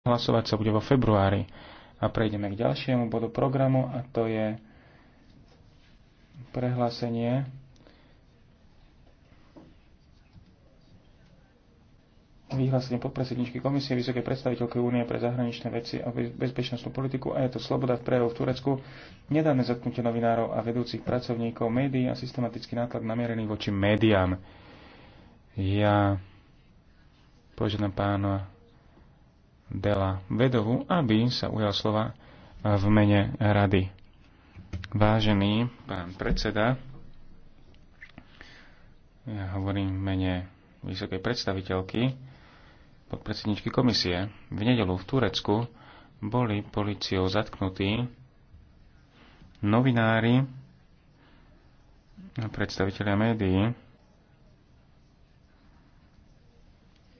Hlasovať sa bude vo februári. A prejdeme k ďalšiemu bodu programu a to je prehlásenie vyhlásenie podpredsedničky komisie Vysokej predstaviteľky Únie pre zahraničné veci a bezpečnostnú politiku a je to sloboda v prejavu v Turecku, nedávne zatknutie novinárov a vedúcich pracovníkov médií a systematický nátlak namierený voči médiám. Ja požiadam pána Dela Vedovu, aby sa ujal slova v mene rady. Vážený pán predseda, ja hovorím v mene vysokej predstaviteľky, podpredsedničky komisie. V nedelu v Turecku boli policiou zatknutí novinári, a predstaviteľia médií.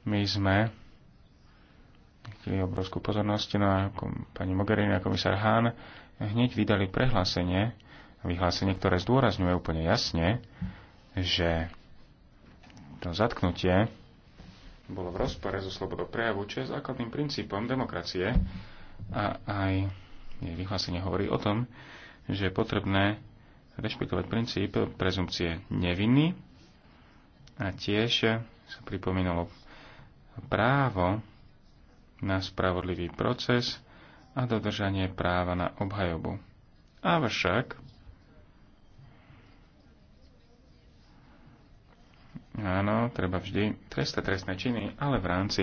My sme uštili obrovskú pozornosť na no pani Mogherini a komisár Hahn hneď vydali prehlásenie, vyhlásenie, ktoré zdôrazňuje úplne jasne, že to zatknutie bolo v rozpore so slobodou prejavu, čo je základným princípom demokracie a aj jej vyhlásenie hovorí o tom, že je potrebné rešpektovať princíp prezumpcie neviny a tiež sa pripomínalo právo na spravodlivý proces a dodržanie práva na obhajobu. Avšak Áno, treba vždy trestať trestné činy, ale v rámci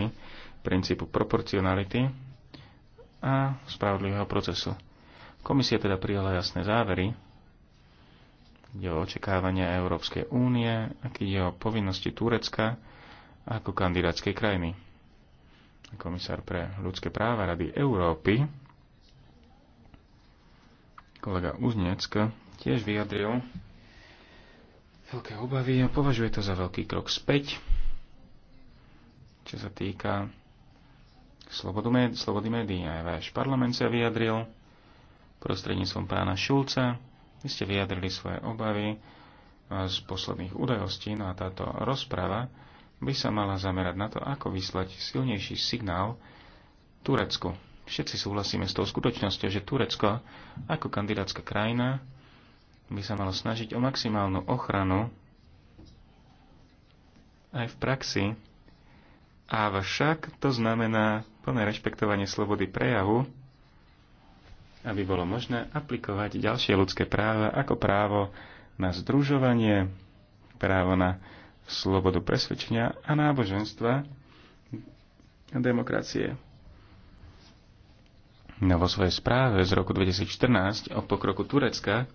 princípu proporcionality a spravodlivého procesu. Komisia teda prijala jasné závery, kde o očakávania Európskej únie, aký je o povinnosti Turecka ako kandidátskej krajiny komisár pre ľudské práva Rady Európy, kolega Uznieck, tiež vyjadril veľké obavy a považuje to za veľký krok späť, čo sa týka slobodu slobody médií. Aj váš parlament sa vyjadril prostredníctvom pána Šulca. Vy ste vyjadrili svoje obavy z posledných udajostí, no a táto rozprava by sa mala zamerať na to, ako vyslať silnejší signál Turecku. Všetci súhlasíme s tou skutočnosťou, že Turecko ako kandidátska krajina by sa malo snažiť o maximálnu ochranu aj v praxi, avšak to znamená plné rešpektovanie slobody prejavu, aby bolo možné aplikovať ďalšie ľudské práva ako právo na združovanie, právo na slobodu presvedčenia a náboženstva a demokracie. No vo svojej správe z roku 2014 o pokroku Turecka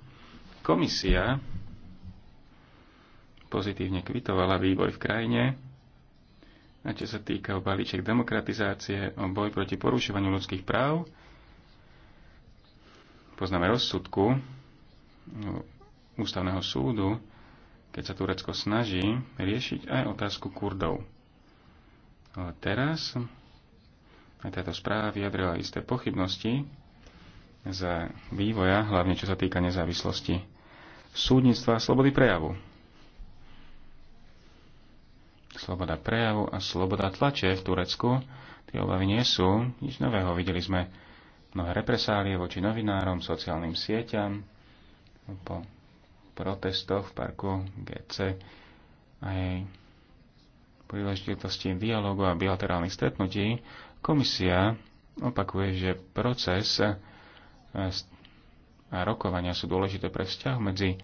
komisia pozitívne kvitovala vývoj v krajine a čo sa týka o balíček demokratizácie, o boj proti porušovaniu ľudských práv, poznáme rozsudku Ústavného súdu keď sa Turecko snaží riešiť aj otázku Kurdov. Ale teraz aj táto správa vyjadrila isté pochybnosti za vývoja, hlavne čo sa týka nezávislosti súdnictva a slobody prejavu. Sloboda prejavu a sloboda tlače v Turecku, tie obavy nie sú nič nového. Videli sme mnohé represálie voči novinárom, sociálnym sieťam, po protestoch v parku GC aj príležitosti dialogu a bilaterálnych stretnutí, komisia opakuje, že proces e, a rokovania sú dôležité pre vzťah medzi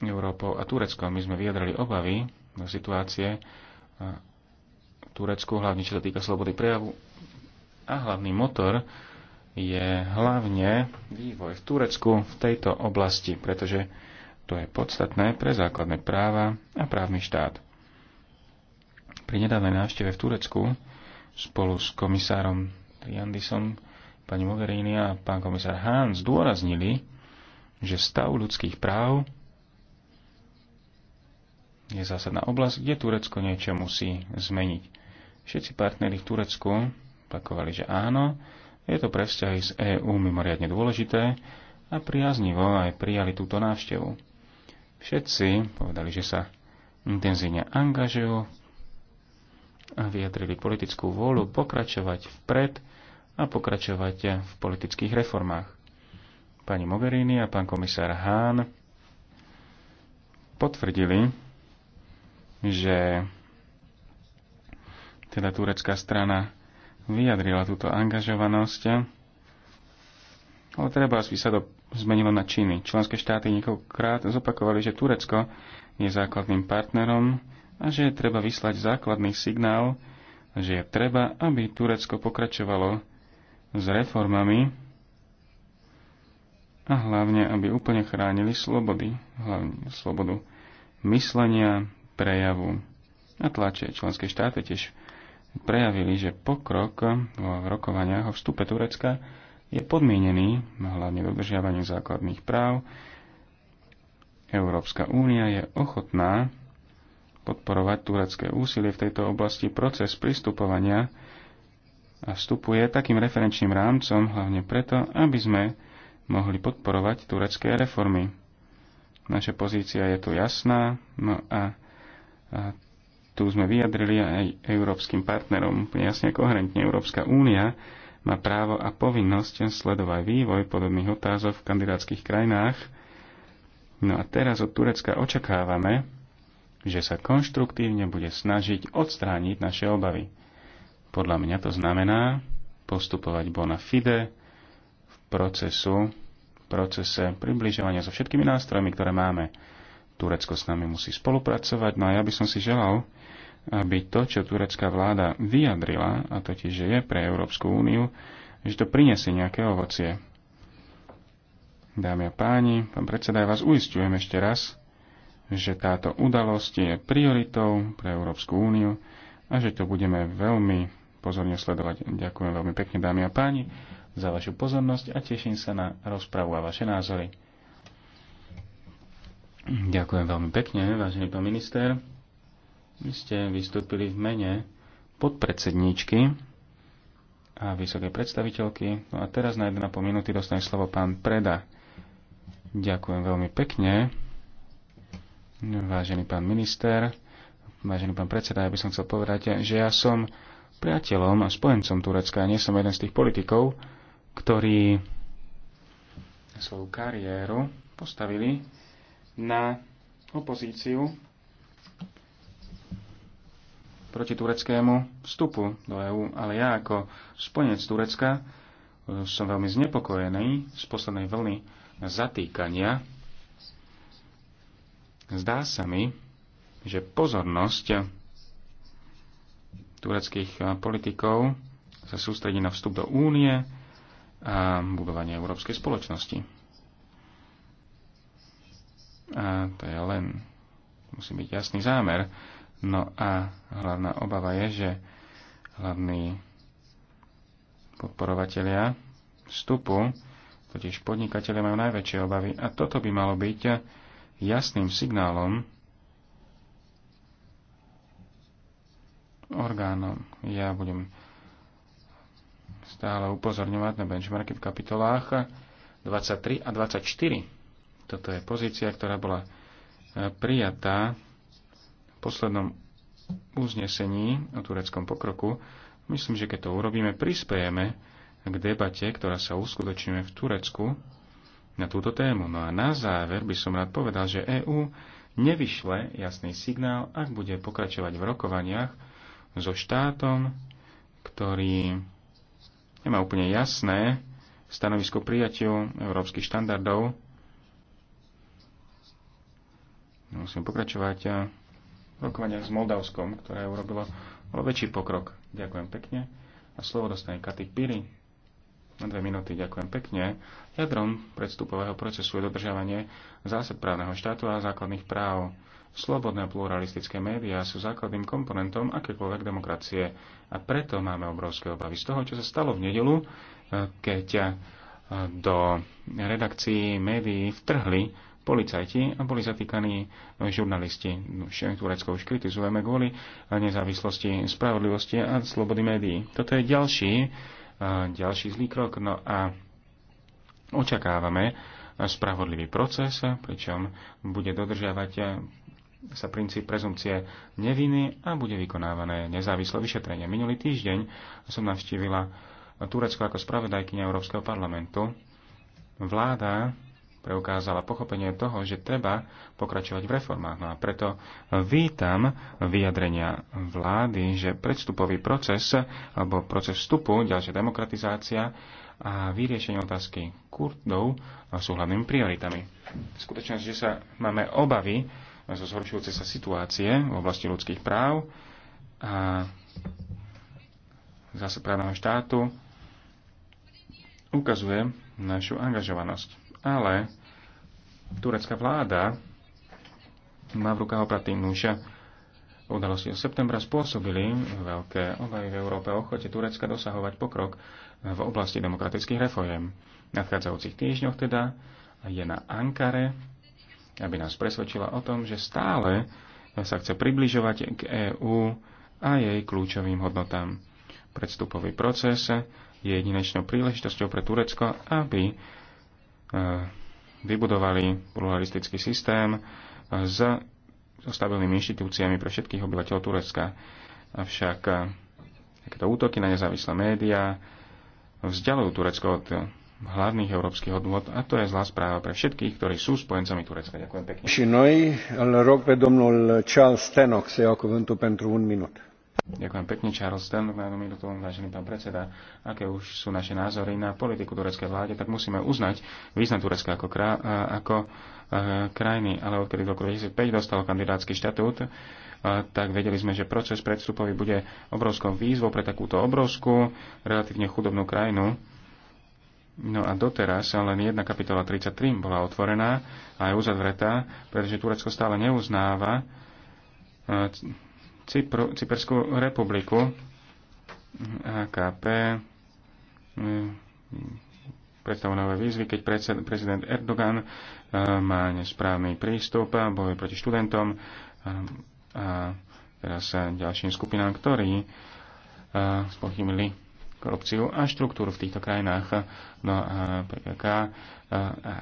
Európou a Tureckom. My sme vyjadrali obavy do situácie e, v Turecku, hlavne čo sa týka slobody prejavu. A hlavný motor je hlavne vývoj v Turecku v tejto oblasti, pretože to je podstatné pre základné práva a právny štát. Pri nedávnej návšteve v Turecku spolu s komisárom Triandisom, pani Mogherini a pán komisár Hahn zdôraznili, že stav ľudských práv je zásadná oblasť, kde Turecko niečo musí zmeniť. Všetci partneri v Turecku plakovali, že áno, je to pre vzťahy z EÚ mimoriadne dôležité a priaznivo aj prijali túto návštevu. Všetci povedali, že sa intenzívne angažujú a vyjadrili politickú vôľu pokračovať vpred a pokračovať v politických reformách. Pani Mogherini a pán komisár Hahn potvrdili, že teda turecká strana vyjadrila túto angažovanosť, ale treba asi sa to zmenilo na činy. Členské štáty niekoľkokrát zopakovali, že Turecko je základným partnerom a že je treba vyslať základný signál, že je treba, aby Turecko pokračovalo s reformami a hlavne, aby úplne chránili slobody, hlavne slobodu myslenia, prejavu a tlače. Členské štáty tiež prejavili, že pokrok v rokovaniach o vstupe Turecka je podmienený hlavne dodržiavaním základných práv. Európska únia je ochotná podporovať turecké úsilie v tejto oblasti proces pristupovania a vstupuje takým referenčným rámcom hlavne preto, aby sme mohli podporovať turecké reformy. Naša pozícia je tu jasná, no a, a tu sme vyjadrili aj európskym partnerom. Jasne koherentne Európska únia má právo a povinnosť sledovať vývoj podobných otázok v kandidátskych krajinách. No a teraz od Turecka očakávame, že sa konštruktívne bude snažiť odstrániť naše obavy. Podľa mňa to znamená postupovať bona fide v procesu, v procese približovania so všetkými nástrojmi, ktoré máme. Turecko s nami musí spolupracovať, no a ja by som si želal, aby to, čo turecká vláda vyjadrila, a totiž, že je pre Európsku úniu, že to prinesie nejaké ovocie. Dámy a páni, pán predseda, ja vás uistujem ešte raz, že táto udalosť je prioritou pre Európsku úniu a že to budeme veľmi pozorne sledovať. Ďakujem veľmi pekne, dámy a páni, za vašu pozornosť a teším sa na rozpravu a vaše názory. Ďakujem veľmi pekne, vážený pán minister. Vy ste vystúpili v mene podpredsedníčky a vysokej predstaviteľky. No a teraz na 1,5 minúty dostane slovo pán Preda. Ďakujem veľmi pekne. Vážený pán minister, vážený pán predseda, ja by som chcel povedať, že ja som priateľom a spojencom Turecka. Ja nie som jeden z tých politikov, ktorí svoju kariéru postavili na opozíciu proti tureckému vstupu do EÚ, ale ja ako spojenec Turecka e, som veľmi znepokojený z poslednej vlny zatýkania. Zdá sa mi, že pozornosť tureckých e, politikov sa sústredí na vstup do únie a budovanie európskej spoločnosti. A to je len, musí byť jasný zámer, No a hlavná obava je, že hlavní podporovatelia vstupu, totiž podnikatelia majú najväčšie obavy a toto by malo byť jasným signálom orgánom. Ja budem stále upozorňovať na benchmarky v kapitolách 23 a 24. Toto je pozícia, ktorá bola prijatá poslednom uznesení o tureckom pokroku, myslím, že keď to urobíme, prispejeme k debate, ktorá sa uskutočňuje v Turecku na túto tému. No a na záver by som rád povedal, že EÚ nevyšle jasný signál, ak bude pokračovať v rokovaniach so štátom, ktorý nemá úplne jasné stanovisko prijatiu európskych štandardov. Musím pokračovať rokovaniach s Moldavskom, ktoré urobilo väčší pokrok. Ďakujem pekne. A slovo dostane Katy Piri. Na dve minúty ďakujem pekne. Jadrom predstupového procesu je dodržiavanie zásad právneho štátu a základných práv. Slobodné a pluralistické médiá sú základným komponentom akékoľvek demokracie a preto máme obrovské obavy z toho, čo sa stalo v nedelu, eh, keď eh, do redakcií médií vtrhli policajti a boli zatýkaní no, žurnalisti. No, Turecko už kritizujeme kvôli nezávislosti, spravodlivosti a slobody médií. Toto je ďalší, ďalší zlý krok. No a očakávame spravodlivý proces, pričom bude dodržiavať sa princíp prezumcie neviny a bude vykonávané nezávislé vyšetrenie. Minulý týždeň som navštívila Turecko ako spravodajkynia Európskeho parlamentu. Vláda preukázala pochopenie toho, že treba pokračovať v reformách. No a preto vítam vyjadrenia vlády, že predstupový proces alebo proces vstupu, ďalšia demokratizácia a vyriešenie otázky Kurdov sú hlavnými prioritami. Skutočnosť, že sa máme obavy zo zhoršujúcej sa situácie v oblasti ľudských práv a zase právneho štátu ukazuje našu angažovanosť ale turecká vláda má v rukách operatívnu Udalosti od septembra spôsobili veľké obavy v Európe o ochote Turecka dosahovať pokrok v oblasti demokratických reforiem. V nadchádzajúcich týždňoch teda je na Ankare, aby nás presvedčila o tom, že stále sa chce približovať k EÚ a jej kľúčovým hodnotám. Predstupový proces je jedinečnou príležitosťou pre Turecko, aby E, vybudovali pluralistický systém e, s stabilnými inštitúciami pre všetkých obyvateľov Turecka. Avšak e, takéto útoky na nezávislé médiá vzdialujú Turecko od hlavných európskych hodnot a to je zlá správa pre všetkých, ktorí sú spojencami Turecka. Ďakujem pekne. Și noi îl rog pe domnul Charles să ia cuvântul pentru un minut. Ďakujem pekne, Charles ten, na minútu, vážený pán predseda. Aké už sú naše názory na politiku tureckej vláde, tak musíme uznať význam Turecka ako, kra- ako krajiny. Ale odkedy v roku 2005 dostal kandidátsky štatút, tak vedeli sme, že proces predstupový bude obrovskou výzvou pre takúto obrovskú, relatívne chudobnú krajinu. No a doteraz len jedna kapitola 33 bola otvorená a je uzavretá, pretože Turecko stále neuznáva Cypr, Cyperskú republiku, AKP, eh, predstavu nové výzvy, keď prezident Erdogan eh, má nesprávny prístup a bojuje proti študentom a teraz ďalším skupinám, ktorí eh, spochybnili korupciu a štruktúru v týchto krajinách. No a PKK a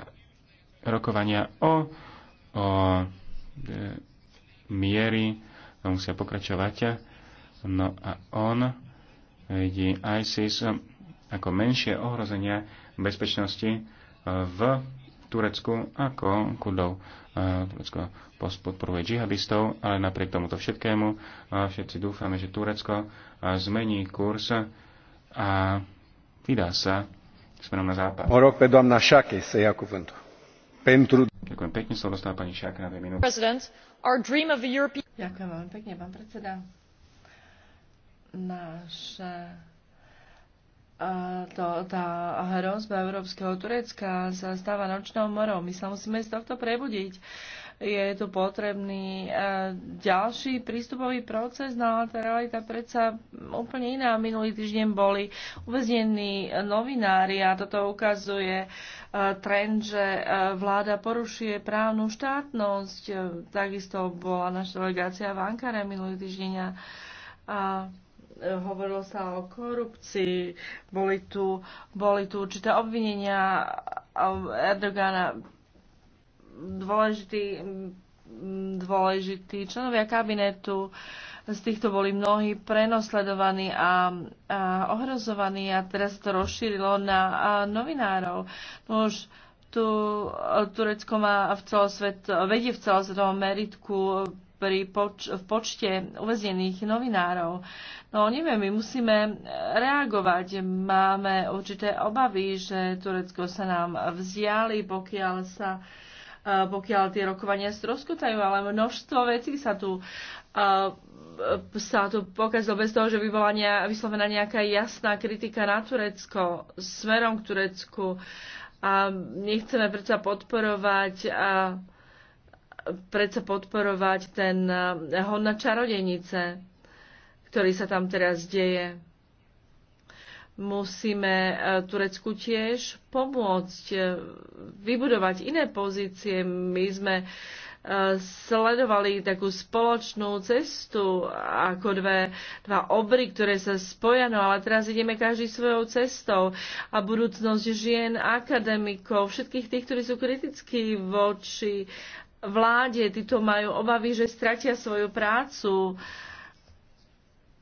rokovania o, o miery musia pokračovať. No a on vidí ISIS ako menšie ohrozenie bezpečnosti v Turecku ako Kurdov. Turecko podporuje džihadistov, ale napriek tomuto všetkému všetci dúfame, že Turecko zmení kurz a vydá sa smerom na západ. Mă rog pe doamna Șache să ia cuvântul. Pentru... Ďakujem pekne, slovo dostáva pani Šáka na dve minúty. Ďakujem veľmi pekne, pán predseda. Naša to, tá hrozba európskeho Turecka sa stáva nočnou morou. My sa musíme z tohto prebudiť je tu potrebný e, ďalší prístupový proces, no ale tá realita predsa úplne iná. Minulý týždeň boli uväznení novinári a toto ukazuje e, trend, že e, vláda porušuje právnu štátnosť. Takisto bola naša delegácia v Ankare minulý týždeň a, a hovorilo sa o korupcii, boli tu, boli tu určité obvinenia Erdogana dôležití, dôležití členovia kabinetu. Z týchto boli mnohí prenosledovaní a, a ohrozovaní a teraz to rozšírilo na novinárov. No už tu Turecko má v celosvet, vedie v celosvetovom meritku pri poč- v počte uväznených novinárov. No neviem, my musíme reagovať. Máme určité obavy, že Turecko sa nám vzdiali, pokiaľ sa uh, Eh, pokiaľ tie rokovania stroskotajú, ale množstvo vecí sa tu eh, sa tu pokazilo bez toho, že by bola ne, vyslovená nejaká jasná kritika na Turecko, smerom k Turecku. A nechceme predsa podporovať a predsa podporovať ten eh, hon na čarodenice, ktorý sa tam teraz deje musíme e, Turecku tiež pomôcť e, vybudovať iné pozície. My sme e, sledovali takú spoločnú cestu ako dve, dva obry, ktoré sa spoja, no ale teraz ideme každý svojou cestou a budúcnosť žien, akademikov, všetkých tých, ktorí sú kritickí voči vláde, títo majú obavy, že stratia svoju prácu. Uh,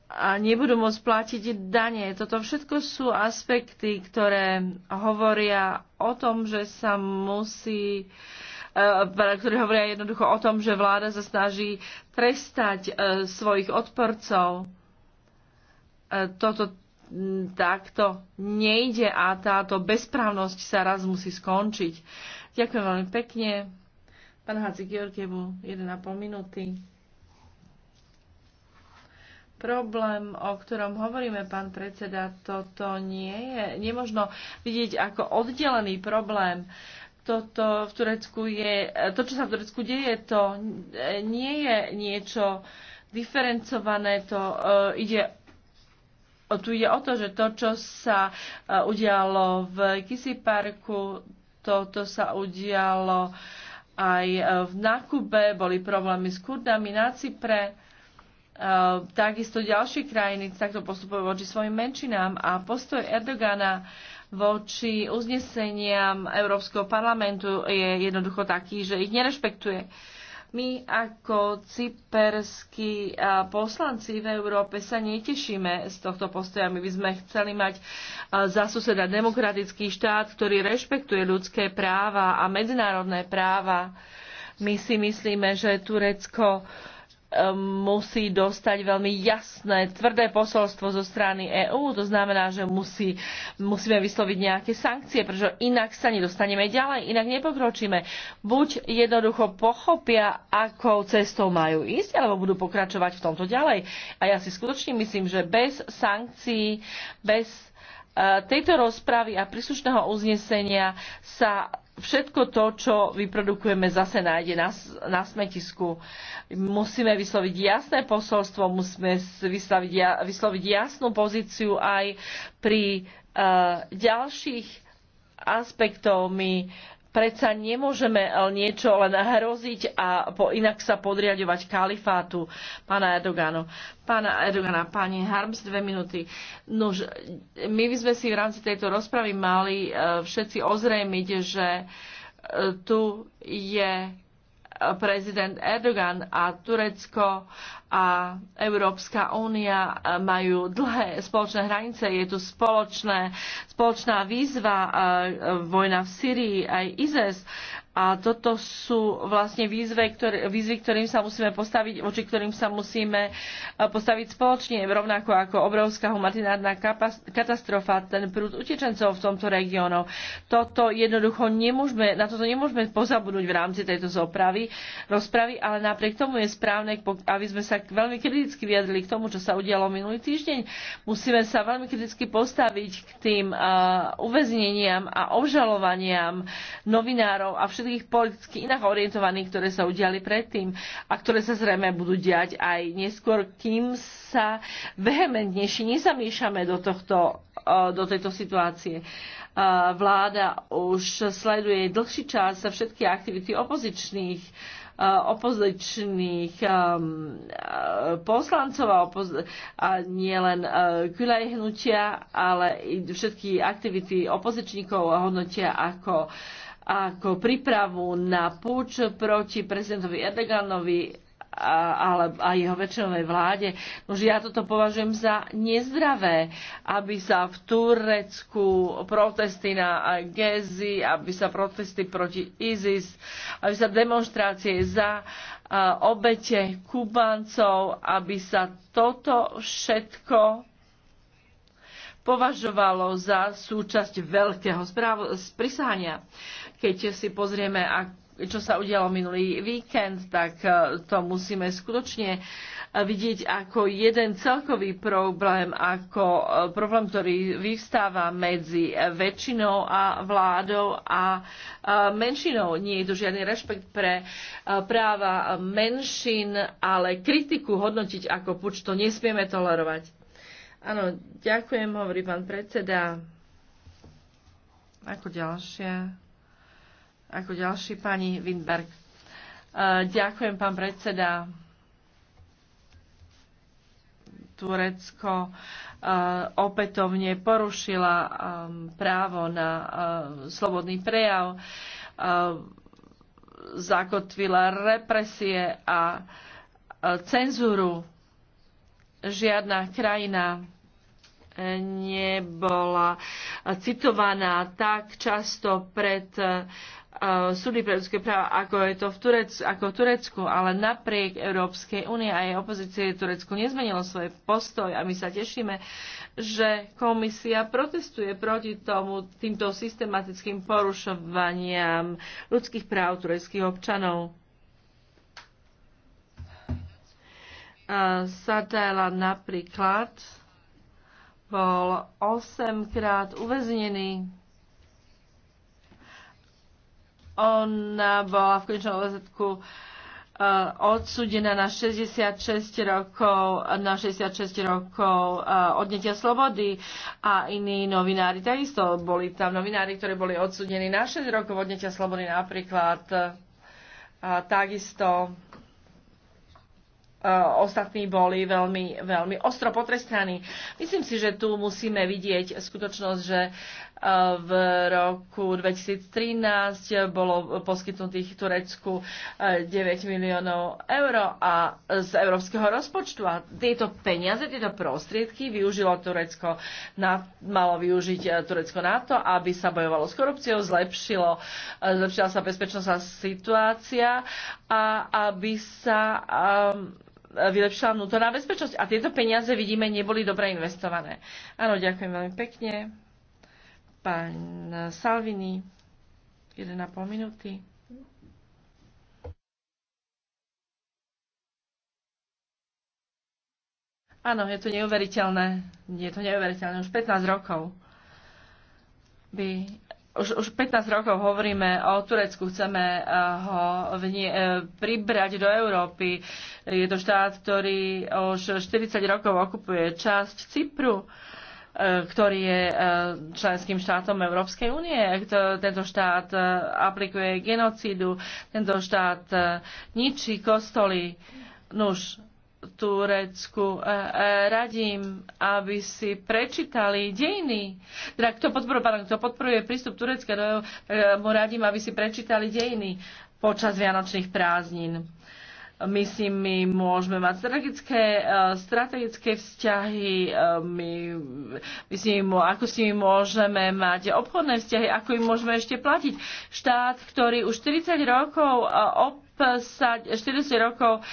a nebudú môcť platiť dane. Toto všetko sú aspekty, ktoré hovoria o tom, že sa musí e, teda, ktorí hovoria jednoducho o tom, že vláda sa snaží trestať e, svojich odporcov. E, toto takto nejde a táto bezprávnosť sa raz musí skončiť. Ďakujem veľmi pekne. Pán Hacik Jorkevu, 1,5 minúty. Problém, o ktorom hovoríme, pán predseda, toto nie je. Nemožno vidieť ako oddelený problém. Toto v Turecku je, to, čo sa v Turecku deje, to nie je niečo diferencované, to uh, ide tu ide o to, že to, čo sa uh, udialo v Kisi Parku, toto sa udialo aj e, v Nakube, boli problémy s Kurdami na Cypre Ehm, takisto ďalšie krajiny takto postupujú voči svojim menšinám a postoj Erdogana voči uzneseniam Európskeho parlamentu je jednoducho taký, že ich nerešpektuje. My ako cyperskí poslanci v Európe sa netešíme z tohto postoja. My by sme chceli mať za suseda demokratický štát, ktorý rešpektuje ľudské práva a medzinárodné práva. My si myslíme, že Turecko uh, musí dostať veľmi jasné, tvrdé posolstvo zo strany EÚ. To znamená, že musí, musíme vysloviť nejaké sankcie, pretože inak sa nedostaneme ďalej, inak nepokročíme. Buď jednoducho pochopia, akou cestou majú ísť, alebo budú pokračovať v tomto ďalej. A ja si skutočne myslím, že bez sankcií, bez eh, tejto rozpravy a príslušného uznesenia sa všetko to, čo vyprodukujeme, zase nájde na, na smetisku. Musíme vysloviť jasné posolstvo, musíme vysloviť, vysloviť jasnú pozíciu aj pri uh, ďalších aspektov. My uh, Predsa nemôžeme eh, niečo len hroziť a po, inak sa podriadovať kalifátu pána Erdogana. Pána Erdogana, pani Harms, dve minúty. Nož, my by sme si v rámci tejto rozpravy mali eh, všetci ozrejmiť, že eh, tu je prezident Erdogan a Turecko a Európska únia e, majú dlhé spoločné hranice. Je tu spoločné, spoločná výzva, e, e, vojna v Syrii, aj ISIS. A toto sú vlastne výzvy, ktoré, výzvy, ktorým sa musíme postaviť, voči ktorým sa musíme e, postaviť spoločne, rovnako ako obrovská humanitárna katastrofa, ten prúd utečencov v tomto regiónu. Toto jednoducho nemôžeme, na toto nemôžeme pozabudnúť v rámci tejto zopravy, rozpravy, ale napriek tomu je správne, aby sme sa veľmi kriticky vyjadrili k tomu, čo sa udialo minulý týždeň. Musíme sa veľmi kriticky postaviť k tým uh, uväzneniam a obžalovaniam novinárov a všetkých všetkých politicky inak orientovaných, ktoré sa udiali predtým a ktoré sa zrejme budú diať aj neskôr, kým sa vehementnejšie nezamiešame do, tohto, e, do tejto situácie. E, vláda už sleduje dlhší čas všetky aktivity opozičných e, opozičných poslancov a, opoz- a nielen Kulej hnutia, ale i všetky aktivity opozičníkov hodnotia ako uh, ako prípravu na púč proti prezidentovi Erdoganovi a, a jeho väčšinovej vláde. Nože ja toto považujem za nezdravé, aby sa v Turecku protesty na Gezi, aby sa protesty proti ISIS, aby sa demonstrácie za a, obete Kubáncov, aby sa toto všetko považovalo za súčasť veľkého správ- Uh, keď si pozrieme, čo sa udialo minulý víkend, tak e, to musíme skutočne e, vidieť ako jeden celkový problém, ako e, problém, ktorý vyvstáva medzi väčšinou a vládou a menšinou. Nie je to žiadny rešpekt pre práva menšin, ale kritiku hodnotiť ako puč, to nesmieme tolerovať. Áno, ďakujem, hovorí pán predseda. Ako ďalšia? Ako ďalší pani Windberg. Eh, ďakujem, pán predseda. Turecko eh, opätovne porušila ehm, právo na eh, slobodný prejav, zakotvila represie a cenzúru. Žiadna krajina nebola citovaná tak často pred uh, súdy pre ľudské práva, ako je to v, Turec, ako v Turecku, ale napriek Európskej únie a jej opozície Turecku nezmenilo svoj postoj a my sa tešíme, že komisia protestuje proti tomu týmto systematickým porušovaniam ľudských práv tureckých občanov. Sadela napríklad bol 8 krát uväznený ona bola v konečnom dôsledku e, odsudená na 66 rokov, na 66 rokov e, odnetia slobody a iní novinári takisto boli tam novinári, ktorí boli odsudení na 6 rokov odnetia slobody napríklad e, a takisto ostatní boli veľmi, veľmi ostro potrestaní. Myslím si, že tu musíme vidieť skutočnosť, že v roku 2013 bolo poskytnutých Turecku 9 eh, miliónov eur a z európskeho rozpočtu. A tieto peniaze, tieto prostriedky využilo Turecko, na, malo využiť eh, Turecko na to, aby sa bojovalo s korupciou, zlepšilo, eh, zlepšila sa bezpečnostná situácia a aby sa um, vylepšila vnútorná bezpečnosť. A tieto peniaze, vidíme, neboli dobre investované. Áno, ďakujem veľmi pekne. Pán Salvini, 1,5 minúty. Áno, je to neuveriteľné. Je to neuveriteľné. Už 15 rokov by... Už, už 15 rokov hovoríme o Turecku, chceme eh, ho vnie, eh, pribrať do Európy. Je to štát, ktorý už 40 rokov okupuje časť Cypru. E, ktorý je e, členským štátom Európskej únie. Tento štát e, aplikuje genocídu, tento štát ničí kostoly. Nuž, Turecku radím, aby si prečítali dejiny. Teda kto podporuje, pardon, kto podporuje prístup Turecka, mu radím, aby si prečítali dejiny počas vianočných prázdnin. My si my môžeme mať strategické, eh, strategické vzťahy, eh, my, my si my, ako si my môžeme mať obchodné vzťahy, ako im môžeme ešte platiť. Štát, ktorý už 40 rokov eh, op- 40 rokov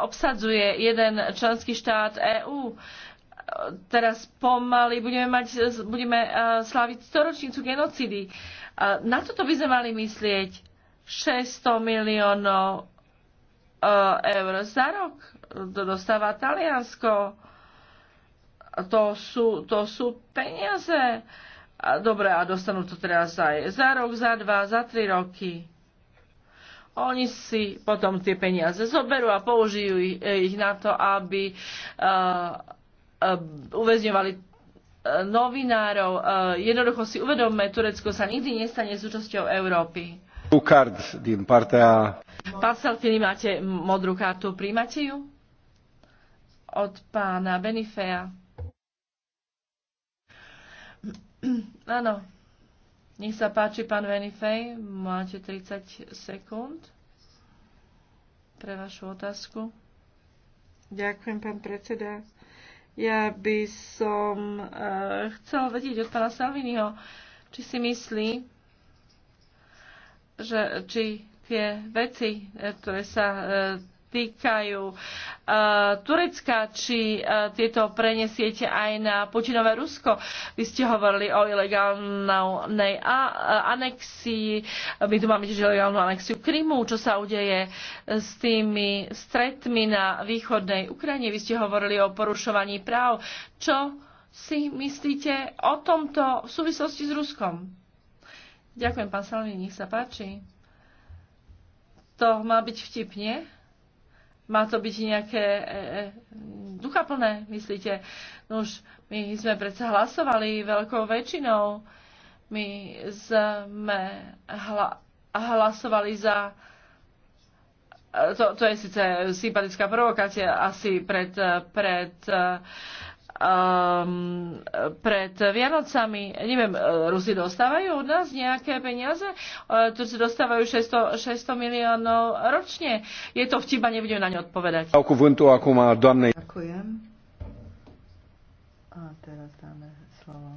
obsadzuje jeden členský štát EÚ, teraz pomaly budeme, mať, budeme sláviť storočnicu genocidy. Na toto by sme mali myslieť. 600 miliónov Eh, eur za rok. To dostáva Taliansko. To sú, to sú peniaze. A dobre, a dostanú to teraz aj za rok, za dva, za tri roky. Oni si potom tie peniaze zoberú a použijú ich, eh, ich na to, aby uh, uh, uväzňovali novinárov. Uh, jednoducho si uvedomme, Turecko sa nikdy nestane súčasťou Európy blue din partea... Pán Saltini, máte modrú kartu, príjmate ju? Od pána Benifea. Áno. Nech sa páči, pán Benifej, máte 30 sekúnd pre vašu otázku. Ďakujem, pán predseda. Ja by som uh, eh, chcela vedieť od pána Salviniho, či si myslí, že či tie veci, eh, ktoré sa eh, týkajú eh, Turecka, či tieto prenesiete aj na Putinové Rusko. Vy ste hovorili o ilegálnej anexii, my tu máme tiež ilegálnu anexiu Krymu, čo sa udeje s tými stretmi na východnej Ukrajine. Vy ste hovorili o porušovaní práv. Čo si myslíte o tomto v súvislosti s Ruskom? Ďakujem, pán Salmi, nech sa páči. To má byť vtipne? Má to byť nejaké e, e, duchaplné, myslíte? No už my sme predsa hlasovali veľkou väčšinou. My sme hla, hlasovali za... E, to, to je síce sympatická provokácia asi pred, e, pred uh, um, pred Vianocami, neviem, e, Rusi dostávajú od nás nejaké peniaze, uh, e, tu si dostávajú 600, 600 miliónov ročne. Je to vtiba, nebudem na ne odpovedať. Ďakujem. A teraz dáme slovo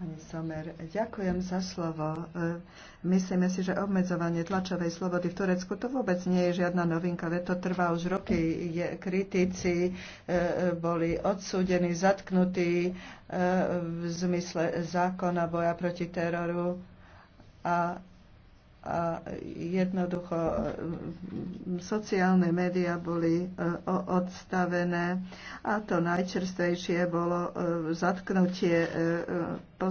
Pani Somer, ďakujem za slovo. E, myslíme si, že obmedzovanie tlačovej slobody v Turecku to vôbec nie je žiadna novinka, veď to trvá už roky. Je, kritici e, boli odsúdení, zatknutí e, v zmysle zákona boja proti teroru a a jednoducho sociálne médiá boli odstavené a to najčerstvejšie bolo zatknutie E,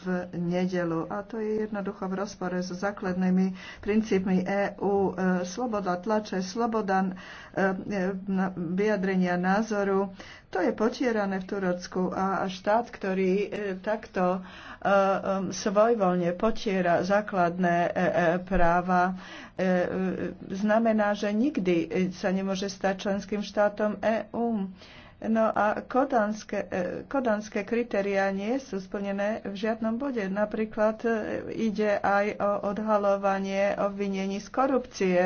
v nedelu. A to je jednoducho v rozpore so základnými princípmi EÚ. E, sloboda tlače, sloboda e, vyjadrenia názoru, to je potierané v Turecku a štát, ktorý takto svojvoľne potiera základné práva, znamená, že nikdy sa nemôže stať členským štátom EÚ. No a kodanské, e, kodanské kritéria nie sú splnené v žiadnom bode. Napríklad e, ide aj o odhalovanie obvinení z korupcie,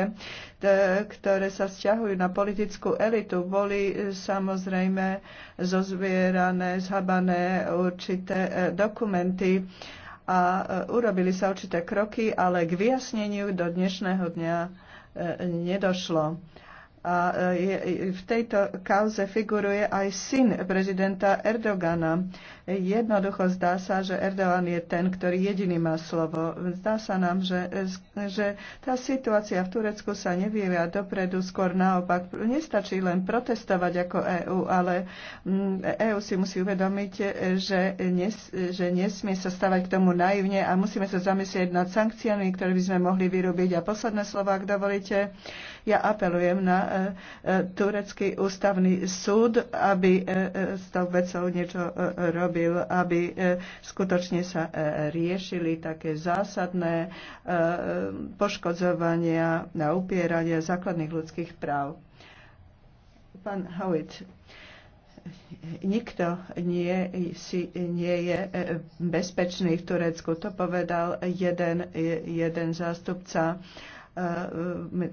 ktoré sa vzťahujú na politickú elitu. Boli e, samozrejme zozvierané, zhabané určité dokumenty a urobili sa určité kroky, ale k vyjasneniu do dnešného dňa nedošlo. A e, je, v tejto kauze figuruje aj syn prezidenta Erdogana. Jednoducho zdá sa, že Erdogan je ten, ktorý jediný má slovo. Zdá sa nám, že, že tá situácia v Turecku sa nevyvia dopredu, skôr naopak. Nestačí len protestovať ako EÚ, ale mm, EÚ si musí uvedomiť, že, nes, že nesmie sa stavať k tomu naivne a musíme sa zamyslieť nad sankciami, ktoré by sme mohli vyrobiť. A posledné slovo, ak dovolíte, ja apelujem na e, e, turecký ústavný súd, aby e, s tou vecou niečo robil urobil, aby e, skutočne sa e, riešili také zásadné e, poškodzovania a upieranie základných ľudských práv. Pán Howitt, nikto nie, si, nie je bezpečný v Turecku. To povedal jeden, jeden zástupca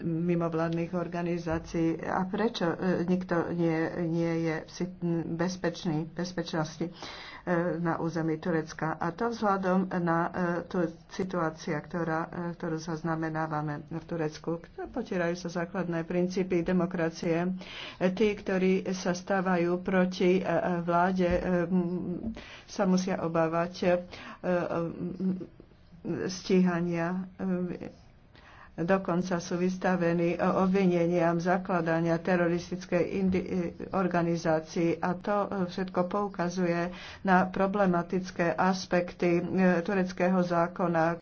mimovládnych organizácií. A prečo nikto nie, nie je bezpečný, bezpečnosti? E, na území Turecka. A to vzhľadom na e, tú situácia, ktorá, e, ktorú zaznamenávame v Turecku. Potierajú sa základné princípy demokracie. Tí, ktorí sa stávajú proti vláde, sa musia obávať stíhania dokonca sú vystavení obvineniam zakladania teroristickej eh, organizácii a to eh, všetko poukazuje na problematické aspekty eh, tureckého zákona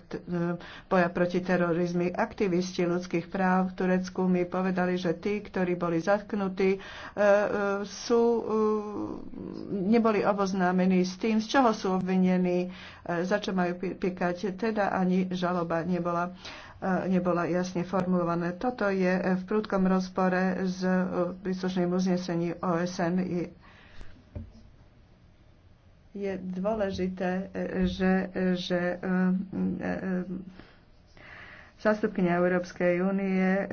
boja proti terorizmu. Aktivisti ľudských práv v Turecku mi povedali, že tí, ktorí boli zatknutí, sú, neboli oboznámení s tým, z čoho sú obvinení, za čo majú píkať, teda ani žaloba nebola nebola jasne formulované. Toto je v prúdkom rozpore s e, príslušným uznesení OSN. Je dôležité, e, že, e, že zástupkynia Európskej únie, e, e,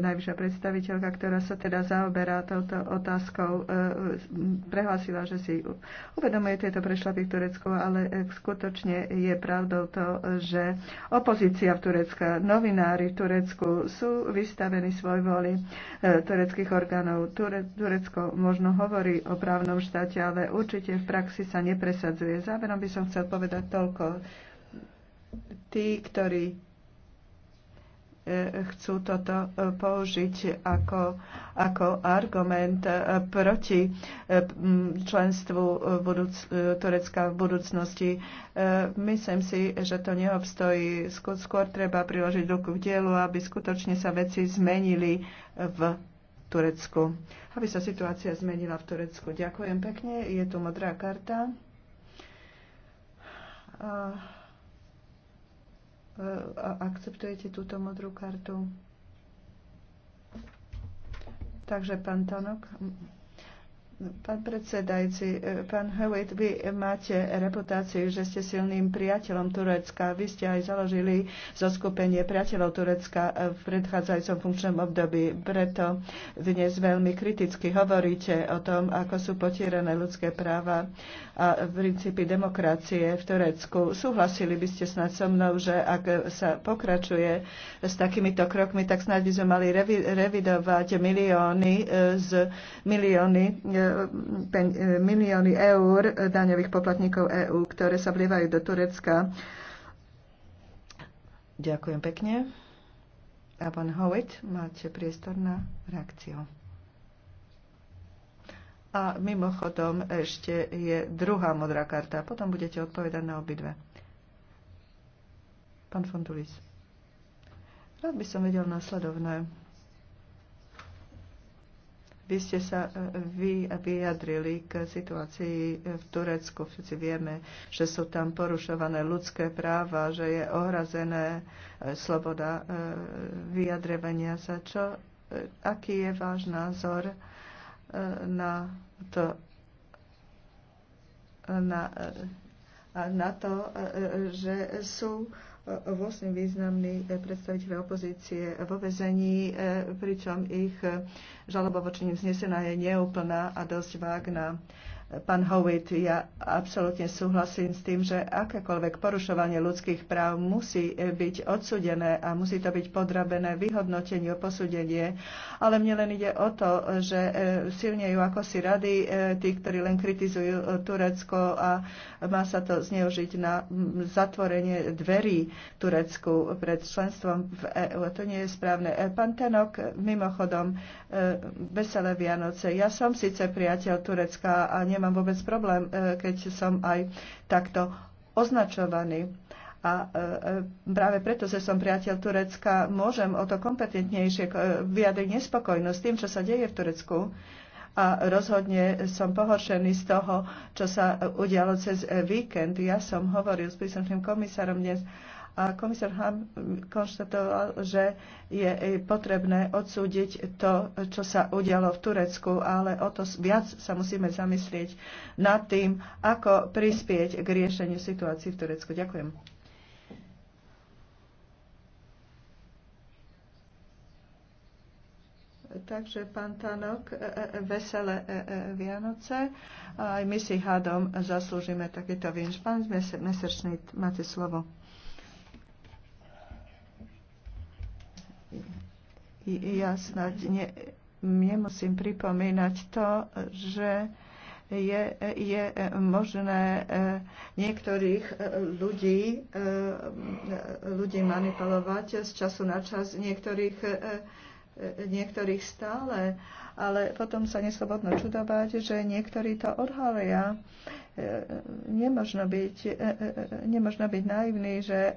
najvyššia predstaviteľka, ktorá sa teda zaoberá touto otázkou, e, prehlásila, že si uvedomuje tieto prešlapy v Turecku, ale skutočne je pravdou to, že opozícia v Turecku, novinári v Turecku sú vystavení svoj voli tureckých orgánov. Turecko možno hovorí o právnom štáte, ale určite v praxi sa nepresadzuje. Záverom by som chcel povedať toľko. Tí, ktorí chcú toto e, použiť ako, ako argument e, proti e, členstvu budúc, Turecka v budúcnosti. Myslím si, že to neobstojí. Skôr treba priložiť ruku k dielu, aby skutočne sa veci zmenili v Turecku. Aby sa situácia zmenila v Turecku. Ďakujem pekne. Je tu modrá karta. Uh akceptujete túto modrú kartu? Takže pán Tanok, Pán predsedajci, pán Hewitt, vy máte reputáciu, že ste silným priateľom Turecka. Vy ste aj založili zoskupenie priateľov Turecka v predchádzajúcom funkčnom období. Preto dnes veľmi kriticky hovoríte o tom, ako sú potierané ľudské práva a princípy demokracie v Turecku. Súhlasili by ste snad so mnou, že ak sa pokračuje s takýmito krokmi, tak snad by sme mali revi- revidovať milióny, e, z, milióny, e, pen, e, milióny eur daňových poplatníkov EÚ, ktoré sa vlievajú do Turecka. Ďakujem pekne. A pán Howitt, máte priestor na reakciu. A mimochodom ešte je druhá modrá karta. Potom budete odpovedať na obidve. Pán Fontulis. Rád by som vedel následovné. Vy ste sa e, vy vyjadrili k situácii v Turecku. Všetci vieme, že sú tam porušované ľudské práva, že je ohrazené e, sloboda e, vyjadrevania sa. Čo, aký je váš názor? na to, na, na to že sú 8 vlastne významní predstaviteľe opozície vo vezení, pričom ich žaloba voči znesená je neúplná a dosť vágna. Pán Howitt, ja absolútne súhlasím s tým, že akékoľvek porušovanie ľudských práv musí byť odsudené a musí to byť podrabené vyhodnoteniu, posúdenie. Ale mne len ide o to, že e, silnejú ako si rady e, tí, ktorí len kritizujú e, Turecko a má sa to zneužiť na zatvorenie dverí Turecku pred členstvom v EU. To nie je správne. Pán Tenok, mimochodom, veselé Vianoce. Ja som síce priateľ Turecka a nemám nemám vôbec problém, e, keď som aj takto označovaný. A e, e, práve preto, že som priateľ Turecka, môžem o to kompetentnejšie vyjadriť nespokojnosť tým, čo sa deje v Turecku. A rozhodne som pohoršený z toho, čo sa udialo cez víkend. Ja som hovoril s príslušným komisárom dnes a komisár Ham mm, konštatoval, že je e, potrebné odsúdiť to, čo sa udialo v Turecku, ale o to viac sa musíme zamyslieť nad tým, ako prispieť k riešeniu situácií v Turecku. Ďakujem. Takže pán Tanok, e, e, veselé Vianoce. Aj my si hádom zaslúžime takýto vinš. Pán Mesečný, máte slovo. Ja snáď ne, nemusím pripomínať to, že je, je možné e, niektorých e, ľudí, e, ľudí manipulovať z času na čas, niektorých, niektorých stále, ale potom sa neslobodno čudovať, že niektorí to odhalia nemožno byť, e, e, e, nemožno byť naivný, že,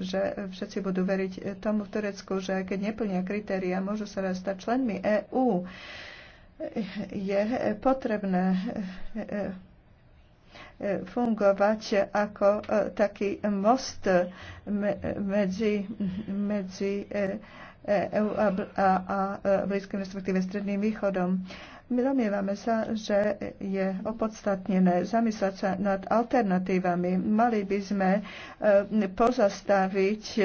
že všetci budú veriť tomu v Turecku, že keď neplnia kritéria, môžu sa stať členmi EÚ. Je potrebné fungovať ako taký most medzi, medzi EU a, a, a Blízkym, respektíve Stredným východom. Domnievame sa, že je opodstatnené zamyslať sa nad alternatívami. Mali by sme e, pozastaviť e,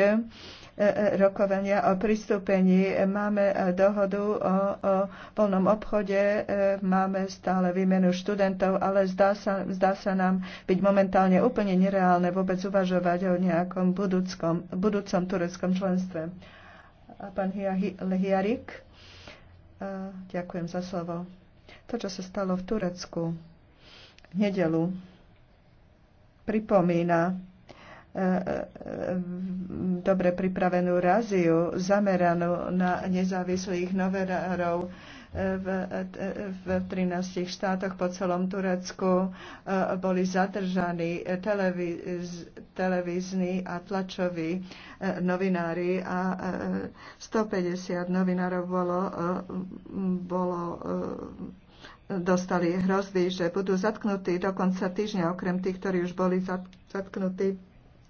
rokovania o pristúpení. Máme e, dohodu o, o voľnom obchode, máme stále výmenu študentov, ale zdá sa, zdá sa nám byť momentálne úplne nereálne vôbec uvažovať o nejakom budúckom, budúcom tureckom členstve. A pán Hiarik, ďakujem za slovo. To, čo sa stalo v Turecku v nedelu, pripomína e, e, e, dobre pripravenú raziu zameranú na nezávislých novinárov v, v 13 štátoch po celom Turecku boli zadržaní televíz, televízni a tlačoví novinári a 150 novinárov bolo, bolo dostali hrozby, že budú zatknutí do konca týždňa, okrem tých, ktorí už boli zatknutí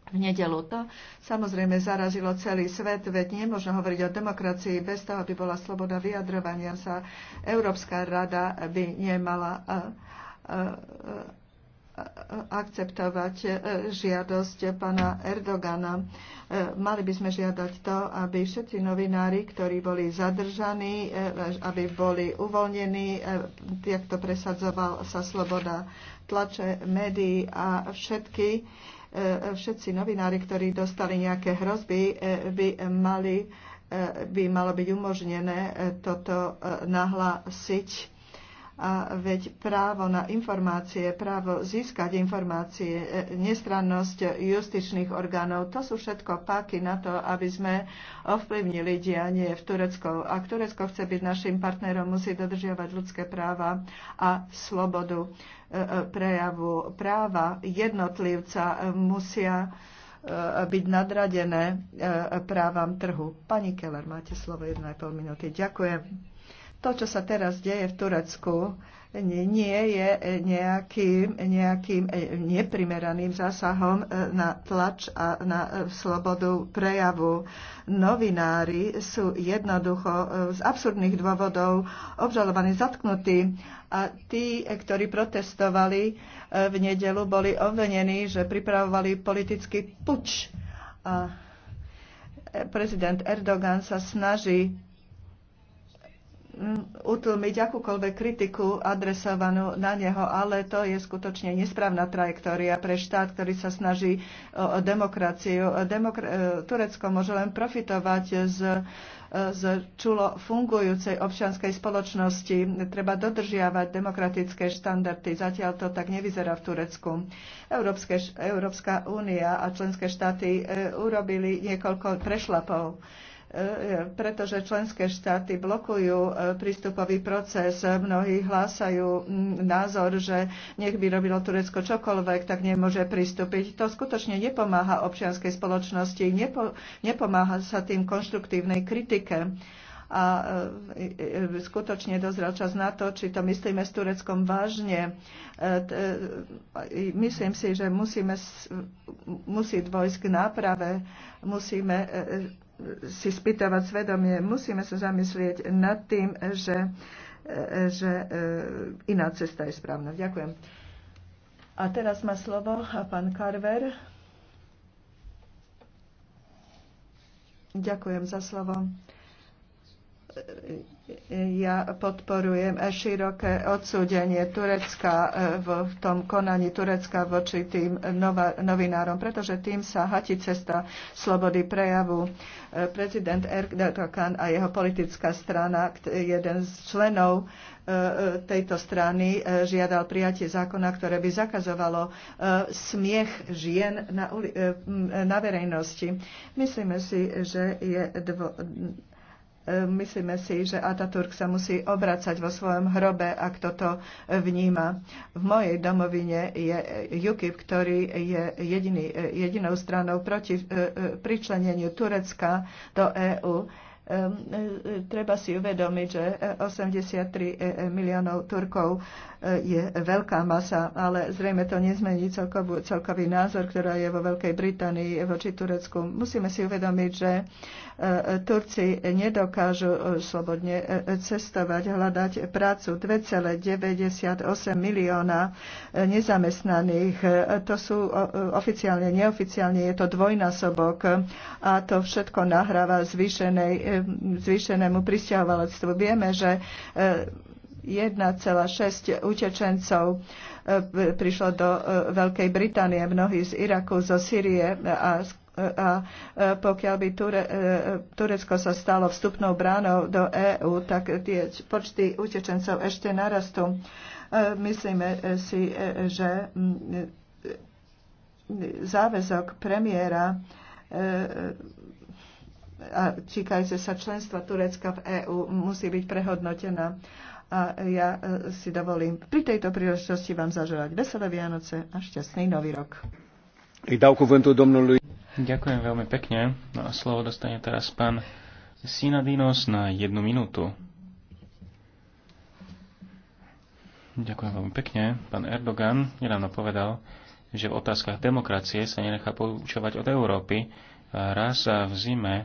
v nedelu. To samozrejme zarazilo celý svet, veď nemôžno hovoriť o demokracii bez toho, aby bola sloboda vyjadrovania sa. Európska rada by nemala eh, eh, akceptovať e, žiadosť pána Erdogana. E, mali by sme žiadať to, aby všetci novinári, ktorí boli zadržaní, e, aby boli uvoľnení, jak to presadzoval sa sloboda tlače, médií a všetky, všetci novinári, ktorí dostali nejaké hrozby, by mali by malo byť umožnené toto nahlásiť a veď právo na informácie, právo získať informácie, e, nestrannosť justičných orgánov, to sú všetko páky na to, aby sme ovplyvnili dianie v Turecku. Ak Turecko chce byť našim partnerom, musí dodržiavať ľudské práva a slobodu e, e, prejavu. Práva jednotlivca musia byť nadradené právam trhu. Pani Keller, máte slovo 1,5 minúty. Ďakujem. To, čo sa teraz deje v Turecku, nie je nejakým, nejakým e, neprimeraným zásahom e, na tlač a na e, slobodu prejavu. Novinári sú jednoducho z absurdných dôvodov obžalovaní, zatknutí a tí, ktorí protestovali v nedelu, boli obvenení, že pripravovali politický puč. A prezident Erdogan sa snaží Mm, utlmiť akúkoľvek kritiku adresovanú na neho, ale to je skutočne nesprávna trajektória pre štát, ktorý sa snaží o demokraciu. Demokr- e, Turecko môže len profitovať z e, z čulo fungujúcej občianskej spoločnosti. Treba dodržiavať demokratické štandardy. Zatiaľ to tak nevyzerá v Turecku. Európske, Európska únia a členské štáty e, urobili niekoľko prešlapov E, e, pretože členské štáty blokujú e, prístupový proces. Mnohí hlásajú názor, že nech by robilo Turecko čokoľvek, tak nemôže pristúpiť. To skutočne nepomáha občianskej spoločnosti, nepo, nepomáha sa tým konštruktívnej kritike a skutočne dozrel čas na to, či to myslíme s Tureckom vážne. Myslím si, že musíme, musí dôjsť k náprave, musíme si spýtavať svedomie. Musíme sa zamyslieť nad tým, že, že e, iná cesta je správna. Ďakujem. A teraz má slovo pán Carver. Ďakujem za slovo ja podporujem široké odsúdenie Turecka e, v tom konaní Turecka voči tým novinárom, pretože tým sa hati cesta slobody prejavu. E, prezident Erdogan a jeho politická strana, jeden z členov e, tejto strany žiadal prijatie zákona, ktoré by zakazovalo smiech žien na, na verejnosti. Myslíme si, že je dvo- Myslíme si, že Ataturk sa musí obracať vo svojom hrobe, ak toto vníma. V mojej domovine je UKIP, ktorý je jediný, jedinou stranou proti e, e, pričleneniu Turecka do EÚ e, treba si uvedomiť, že 83 miliónov Turkov je veľká masa, ale zrejme to nezmení celkovú, celkový názor, ktorá je vo Veľkej Británii voči Turecku. Musíme si uvedomiť, že e, Turci nedokážu e, slobodne e, cestovať, hľadať prácu. 2,98 milióna nezamestnaných. To sú oficiálne, neoficiálne, je to dvojnásobok a to všetko nahráva zvýšenému pristahovalectvu. Vieme, že 1,6 utečencov e, prišlo do e, Veľkej Británie, mnohí z Iraku, zo Syrie a e, a pokiaľ by Ture, Turecko sa stalo vstupnou bránou do EÚ, tak tie počty utečencov ešte narastú. Myslíme si, že záväzok premiéra a týkajúce sa členstva Turecka v EÚ musí byť prehodnotená a ja e, si dovolím pri tejto príležitosti vám zaželať veselé Vianoce a šťastný nový rok. Ďakujem veľmi pekne. No a slovo dostane teraz pán Sinadinos na jednu minútu. Ďakujem veľmi pekne. Pán Erdogan nedávno povedal, že v otázkach demokracie sa nenechá poučovať od Európy. Raz v zime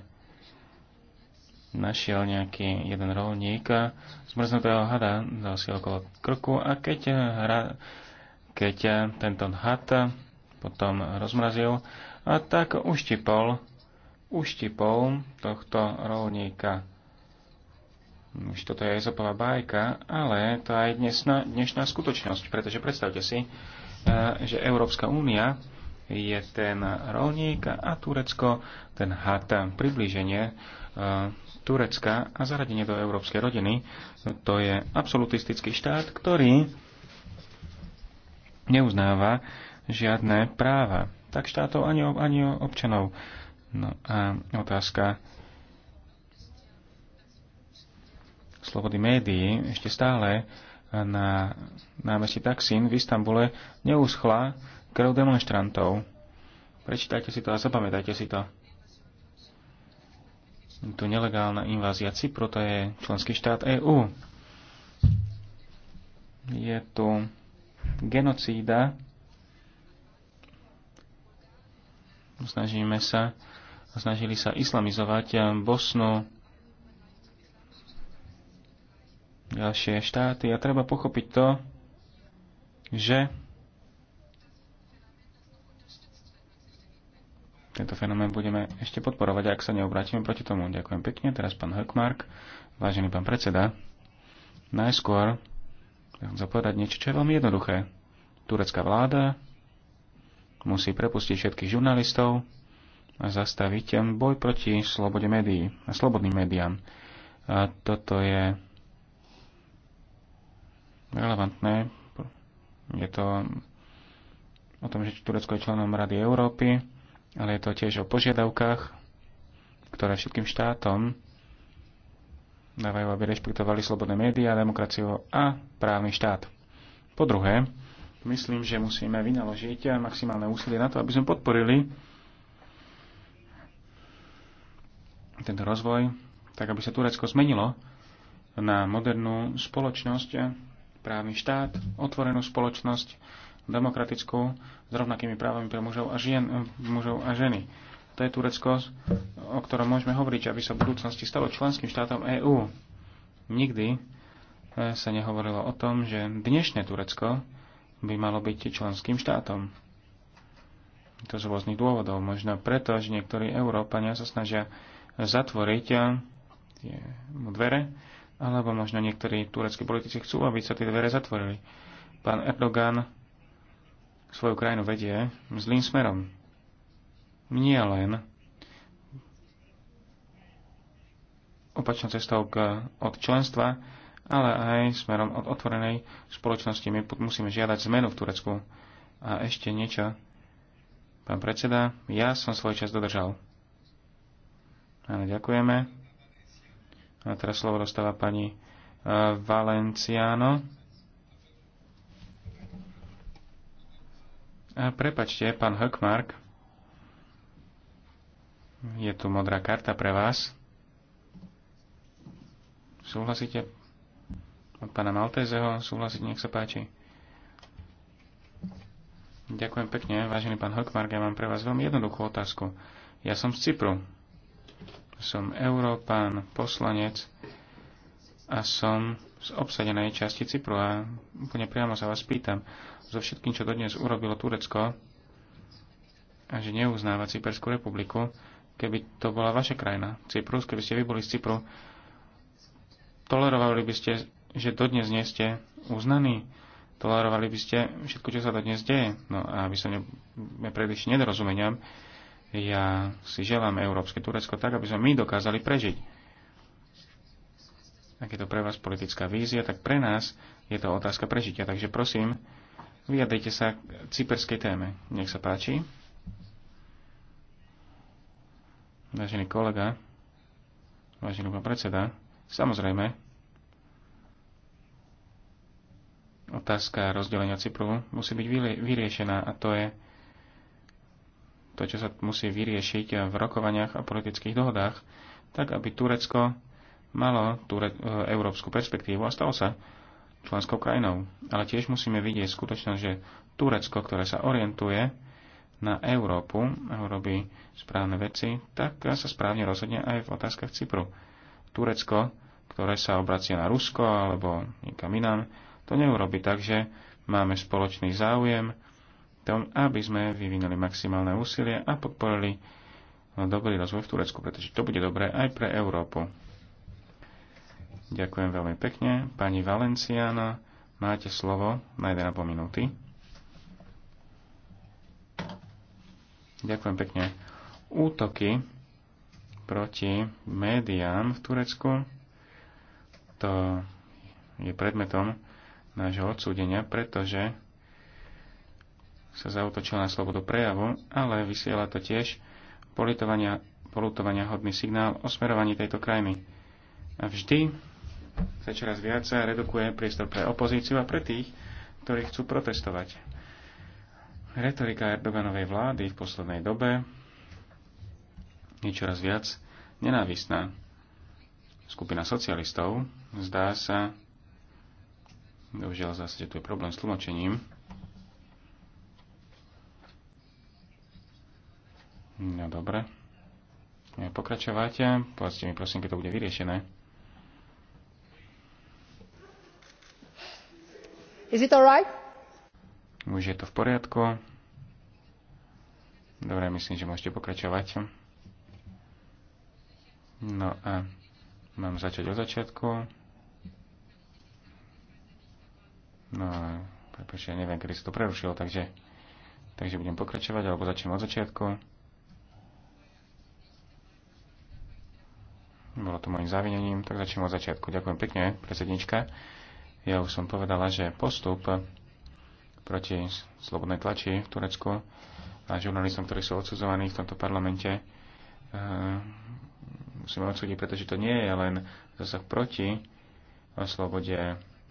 našiel nejaký jeden rolník zmrznutého hada, dal si okolo krku a keď, hra, keď tento had potom rozmrazil, a tak uštipol, uštipol tohto rolníka. Už toto je Ezopová bajka, ale to je dnesna, dnešná skutočnosť, pretože predstavte si, eh, že Európska únia je ten rolník a Turecko ten hata. Priblíženie eh, Turecka a zaradenie do európskej rodiny. To je absolutistický štát, ktorý neuznáva žiadne práva. Tak štátov ani, ani občanov. No a otázka slobody médií ešte stále na námestí Taksin v Istambule neuschla krv demonstrantov. Prečítajte si to a zapamätajte si to tu nelegálna invázia Cypru, to je členský štát EÚ. Je tu genocída. Snažíme sa, snažili sa islamizovať Bosnu, ďalšie štáty a treba pochopiť to, že tento fenomén budeme ešte podporovať, ak sa neobrátime proti tomu. Ďakujem pekne. Teraz pán Hökmark, vážený pán predseda. Najskôr chcem zapovedať niečo, čo je veľmi jednoduché. Turecká vláda musí prepustiť všetkých žurnalistov a zastaviť boj proti slobode médií a slobodným médiám. A toto je relevantné. Je to o tom, že Turecko je členom Rady Európy ale je to tiež o požiadavkách, ktoré všetkým štátom dávajú, aby rešpektovali slobodné médiá, demokraciu a právny štát. Po druhé, myslím, že musíme vynaložiť maximálne úsilie na to, aby sme podporili tento rozvoj, tak aby sa Turecko zmenilo na modernú spoločnosť, právny štát, otvorenú spoločnosť, demokratickú s rovnakými právami pre mužov a, žien, mužov a ženy. To je Turecko, o ktorom môžeme hovoriť, aby sa v budúcnosti stalo členským štátom EÚ. Nikdy eh, sa nehovorilo o tom, že dnešné Turecko by malo byť členským štátom. To z rôznych dôvodov. Možno preto, že niektorí Európania sa snažia zatvoriť eh, tie dvere, alebo možno niektorí tureckí politici chcú, aby sa tie dvere zatvorili. Pán Erdogan svoju krajinu vedie zlým smerom. Nie len opačnou cestou k, od členstva, ale aj smerom od otvorenej spoločnosti. My musíme žiadať zmenu v Turecku. A ešte niečo, pán predseda, ja som svoj čas dodržal. Áno, ďakujeme. A teraz slovo dostáva pani eh, Valenciano. prepačte, pán Hökmark, je tu modrá karta pre vás. Súhlasíte? Od pána Maltézeho súhlasíte, nech sa páči. Ďakujem pekne, vážený pán Hökmark, ja mám pre vás veľmi jednoduchú otázku. Ja som z Cypru. Som Európán, poslanec a som z obsadenej časti Cypru a úplne priamo sa vás pýtam, so všetkým, čo dodnes urobilo Turecko, a že neuznáva Cyperskú republiku, keby to bola vaša krajina, Cyprus, keby ste vy boli z Cypru, tolerovali by ste, že dodnes nie ste uznaní, tolerovali by ste všetko, čo sa dodnes deje. No a aby sa ne, príliš nedorozumeniam, ja si želám Európske Turecko tak, aby sme my dokázali prežiť ak je to pre vás politická vízia, tak pre nás je to otázka prežitia. Takže prosím, vyjadrite sa k cyperskej téme. Nech sa páči. Vážený kolega, vážený pán predseda, samozrejme, otázka rozdelenia Cypru musí byť vyriešená a to je to, čo sa musí vyriešiť v rokovaniach a politických dohodách, tak aby Turecko malo tú re- e, európsku perspektívu a stalo sa členskou krajinou. Ale tiež musíme vidieť skutočnosť, že Turecko, ktoré sa orientuje na Európu a robí správne veci, tak sa správne rozhodne aj v otázkach Cypru. Turecko, ktoré sa obracia na Rusko alebo niekam inám, to neurobi tak, že máme spoločný záujem tom, aby sme vyvinuli maximálne úsilie a podporili no, dobrý rozvoj v Turecku, pretože to bude dobré aj pre Európu. Ďakujem veľmi pekne. Pani Valenciana, máte slovo na 1,5 minúty. Ďakujem pekne. Útoky proti médiám v Turecku to je predmetom nášho odsúdenia, pretože sa zautočil na slobodu prejavu, ale vysiela to tiež politovania, polutovania hodný signál o smerovaní tejto krajiny. A vždy sa čoraz viac redukuje priestor pre opozíciu a pre tých, ktorí chcú protestovať. Retorika Erdoganovej vlády v poslednej dobe je čoraz viac nenávisná. Skupina socialistov zdá sa, bohužiaľ zase, že tu je problém s tlmočením, No dobre. Pokračovate. Povedzte mi prosím, keď to bude vyriešené. Is it right? Už je to v poriadku. Dobre, myslím, že môžete pokračovať. No a mám začať od začiatku. No a prepáč, ja neviem, kedy sa to prerušilo, takže, takže budem pokračovať, alebo začnem od začiatku. Bolo to môjim závinením, tak začnem od začiatku. Ďakujem pekne, predsednička. Ja už som povedala, že postup proti slobodnej tlači v Turecku a žurnalistom, ktorí sú odsudzovaní v tomto parlamente, e, musíme odsúdiť, pretože to nie je len zasah proti slobode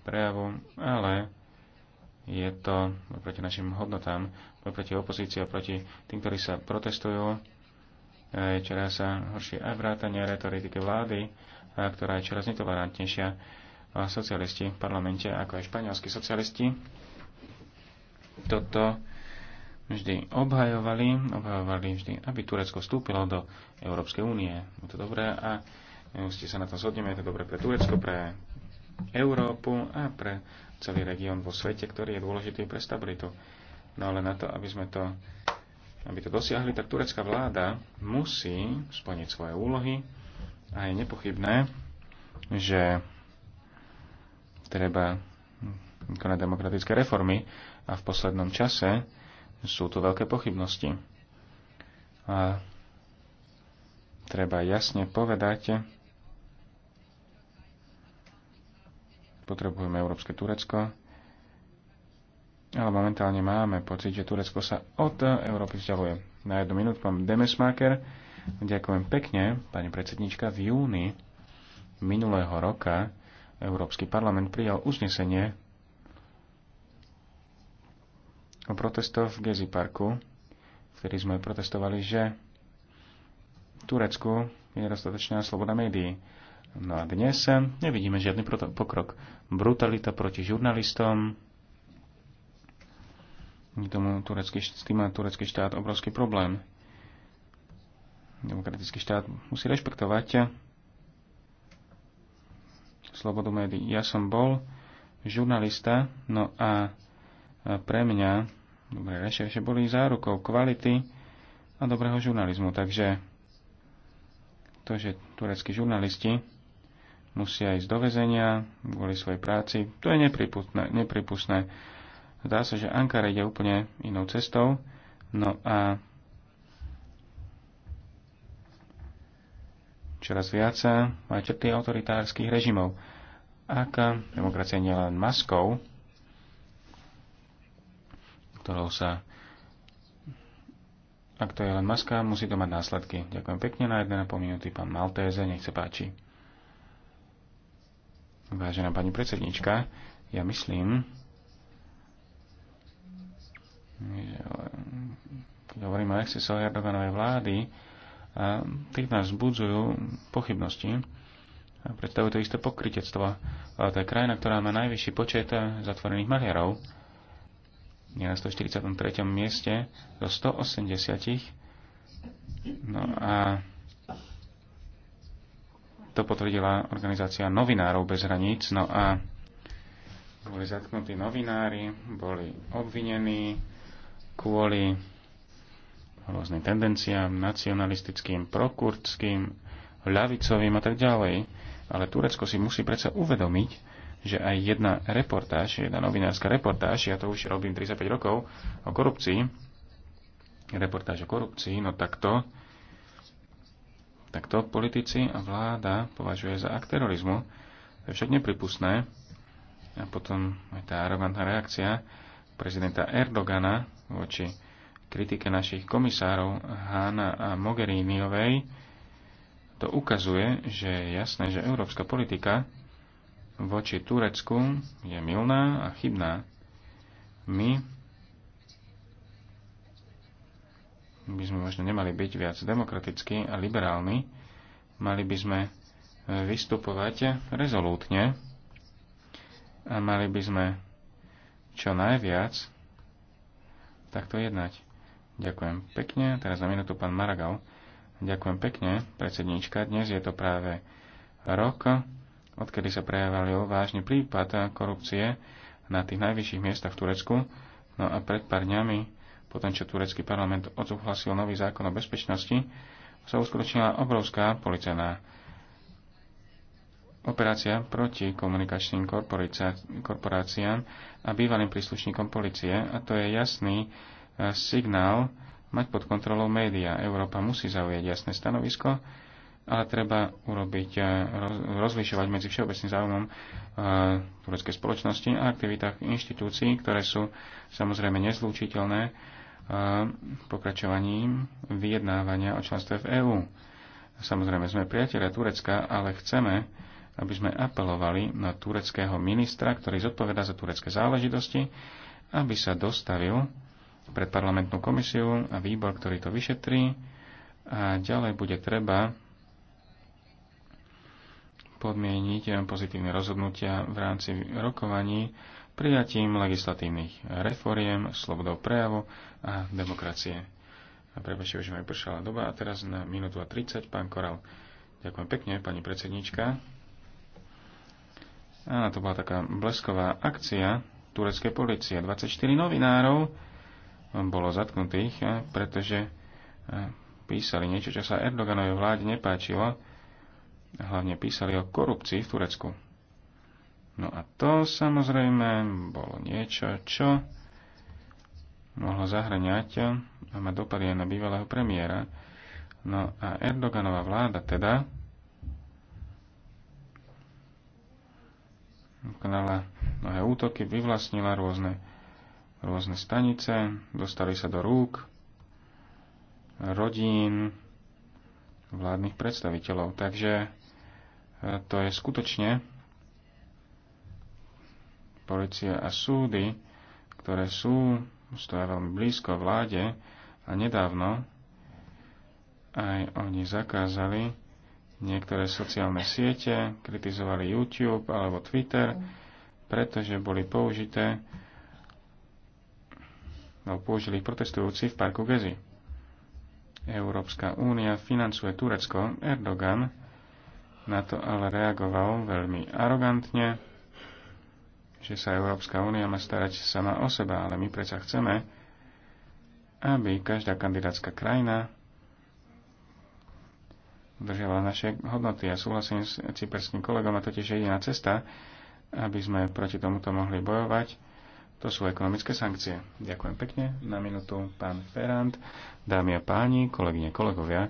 prejavu, ale je to proti našim hodnotám, proti opozícii a proti tým, ktorí sa protestujú. Je čoraz horšie aj vrátanie retoriky vlády, ktorá je čoraz netolerantnejšia socialisti v parlamente, ako aj španielskí socialisti, toto vždy obhajovali, obhajovali vždy, aby Turecko vstúpilo do Európskej únie. Je to dobré a ste sa na tom zhodneme, je to dobré pre Turecko, pre Európu a pre celý región vo svete, ktorý je dôležitý pre stabilitu. No ale na to, aby sme to, aby to dosiahli, tak turecká vláda musí splniť svoje úlohy a je nepochybné, že treba konať demokratické reformy a v poslednom čase sú tu veľké pochybnosti. A treba jasne povedať, potrebujeme Európske Turecko, ale momentálne máme pocit, že Turecko sa od Európy vzdialuje. Na jednu minútu mám Demesmaker. Ďakujem pekne, pani predsednička. V júni minulého roka Európsky parlament prijal uznesenie o protestoch v Gezi parku, v ktorý sme protestovali, že v Turecku je nedostatočná sloboda médií. No a dnes nevidíme žiadny pokrok. Brutalita proti žurnalistom, tomu turecký, s tým má turecký štát obrovský problém. Demokratický štát musí rešpektovať slobodu médií. Ja som bol žurnalista, no a pre mňa dobre, rešerše boli zárukou kvality a dobrého žurnalizmu. Takže to, že tureckí žurnalisti musia ísť do väzenia kvôli svojej práci, to je nepripustné. Zdá sa, že Ankara ide úplne inou cestou. No a čoraz viac majú črty autoritárskych režimov ak demokracia nie len maskou, ktorou sa ak to je len maska, musí to mať následky. Ďakujem pekne na 1,5 minúty, pán Maltéze, nech sa páči. Vážená pani predsednička, ja myslím, že keď hovoríme o excesoch Erdoganovej vlády, tých nás vzbudzujú pochybnosti, predstavuje to isté Ale To je krajina, ktorá má najvyšší počet zatvorených maliarov. Je na 143. mieste zo 180. No a to potvrdila organizácia novinárov bez hraníc. No a boli zatknutí novinári, boli obvinení kvôli rôznym tendenciám, nacionalistickým, prokurtským, ľavicovým a tak ďalej. Ale Turecko si musí predsa uvedomiť, že aj jedna reportáž, jedna novinárska reportáž, ja to už robím 35 rokov, o korupcii, reportáž o korupcii, no takto takto politici a vláda považuje za akt terorizmu. To je však nepripustné. A potom aj tá arogantná reakcia prezidenta Erdogana voči kritike našich komisárov Hána a Mogheriniovej, to ukazuje, že je jasné, že európska politika voči Turecku je milná a chybná. My by sme možno nemali byť viac demokratickí a liberálni, mali by sme vystupovať rezolútne a mali by sme čo najviac takto jednať. Ďakujem pekne. Teraz na minútu pán Maragal. Ďakujem pekne, predsedníčka. Dnes je to práve rok, odkedy sa prejavil vážny prípad korupcie na tých najvyšších miestach v Turecku. No a pred pár dňami, potom čo turecký parlament odsúhlasil nový zákon o bezpečnosti, sa uskutočnila obrovská policajná operácia proti komunikačným korporáciám a bývalým príslušníkom policie. A to je jasný eh, signál mať pod kontrolou médiá. Európa musí zaujať jasné stanovisko, ale treba urobiť, eh, rozlišovať medzi všeobecným záujmom eh, tureckej spoločnosti a aktivitách inštitúcií, ktoré sú samozrejme nezlúčiteľné eh, pokračovaním vyjednávania o členstve v EÚ. Samozrejme sme priateľe Turecka, ale chceme, aby sme apelovali na tureckého ministra, ktorý zodpovedá za turecké záležitosti, aby sa dostavil pred parlamentnú komisiu a výbor, ktorý to vyšetrí. A ďalej bude treba podmieniť pozitívne rozhodnutia v rámci rokovaní prijatím legislatívnych reforiem, slobodou prejavu a demokracie. A prebačte, už mi pršala doba a teraz na minútu a 30, pán Koral. Ďakujem pekne, pani predsednička. Áno, to bola taká blesková akcia tureckej policie. 24 novinárov bolo zatknutých, eh, pretože eh, písali niečo, čo sa Erdoganovej vláde nepáčilo. Hlavne písali o korupcii v Turecku. No a to samozrejme bolo niečo, čo mohlo zahraňať eh, a má dopady aj na bývalého premiéra. No a Erdoganová vláda teda konala mnohé útoky, vyvlastnila rôzne rôzne stanice, dostali sa do rúk rodín, vládnych predstaviteľov. Takže e, to je skutočne policia a súdy, ktoré sú, stoja veľmi blízko vláde a nedávno aj oni zakázali niektoré sociálne siete, kritizovali YouTube alebo Twitter, pretože boli použité No použili protestujúci v parku Gezi. Európska únia financuje Turecko, Erdogan na to ale reagoval veľmi arogantne, že sa Európska únia má starať sama o seba, ale my predsa chceme, aby každá kandidátska krajina držala naše hodnoty. Ja súhlasím s cyperským kolegom a totiž jediná cesta, aby sme proti tomuto mohli bojovať, to sú ekonomické sankcie. Ďakujem pekne. Na minútu pán Ferrand, dámy a páni, kolegyne, kolegovia.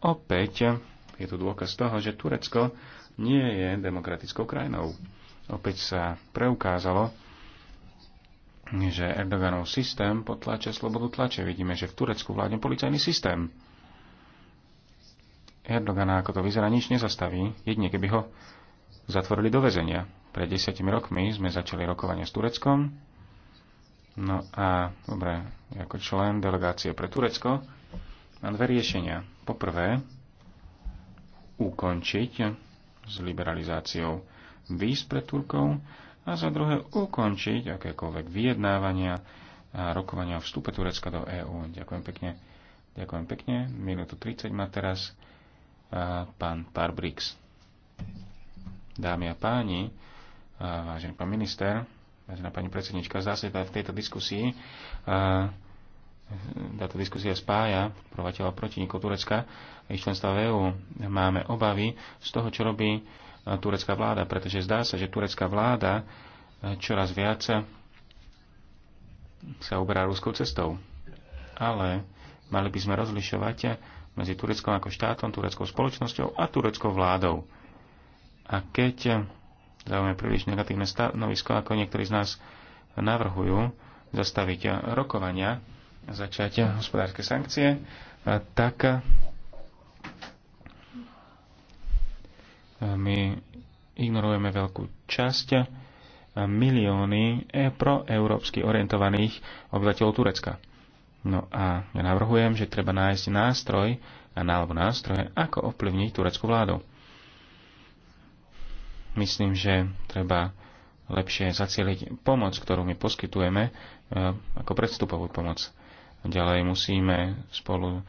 Opäť je tu dôkaz toho, že Turecko nie je demokratickou krajinou. Opäť sa preukázalo, že Erdoganov systém potláča slobodu tlače. Vidíme, že v Turecku vládne policajný systém. Erdogana, ako to vyzerá, nič nezastaví, jedine keby ho zatvorili do väzenia. Pred desiatimi rokmi sme začali rokovania s Tureckom, No a, dobre, ako člen delegácie pre Turecko mám dve riešenia. Poprvé, ukončiť s liberalizáciou víz pre Turkov a za druhé ukončiť akékoľvek vyjednávania a rokovania o vstupe Turecka do EÚ. Ďakujem pekne. Ďakujem pekne. Minútu 30 má teraz pán Parbrix. Dámy a páni, vážený pán minister, Vážená pani predsednička, zase v tejto diskusii táto diskusia spája proti protivníkov Turecka a ich členstva v EÚ. Máme obavy z toho, čo robí turecká vláda, pretože zdá sa, že turecká vláda čoraz viac sa uberá ruskou cestou. Ale mali by sme rozlišovať medzi Tureckom ako štátom, tureckou spoločnosťou a tureckou vládou. A keď zaujme príliš negatívne stanovisko, ako niektorí z nás navrhujú zastaviť rokovania, začať hospodárske sankcie, tak my ignorujeme veľkú časť milióny e, proeurópsky orientovaných obyvateľov Turecka. No a ja navrhujem, že treba nájsť nástroj, alebo nástroje, ako ovplyvniť tureckú vládu. Myslím, že treba lepšie zacieliť pomoc, ktorú my poskytujeme e, ako predstupovú pomoc. Ďalej musíme spolu e,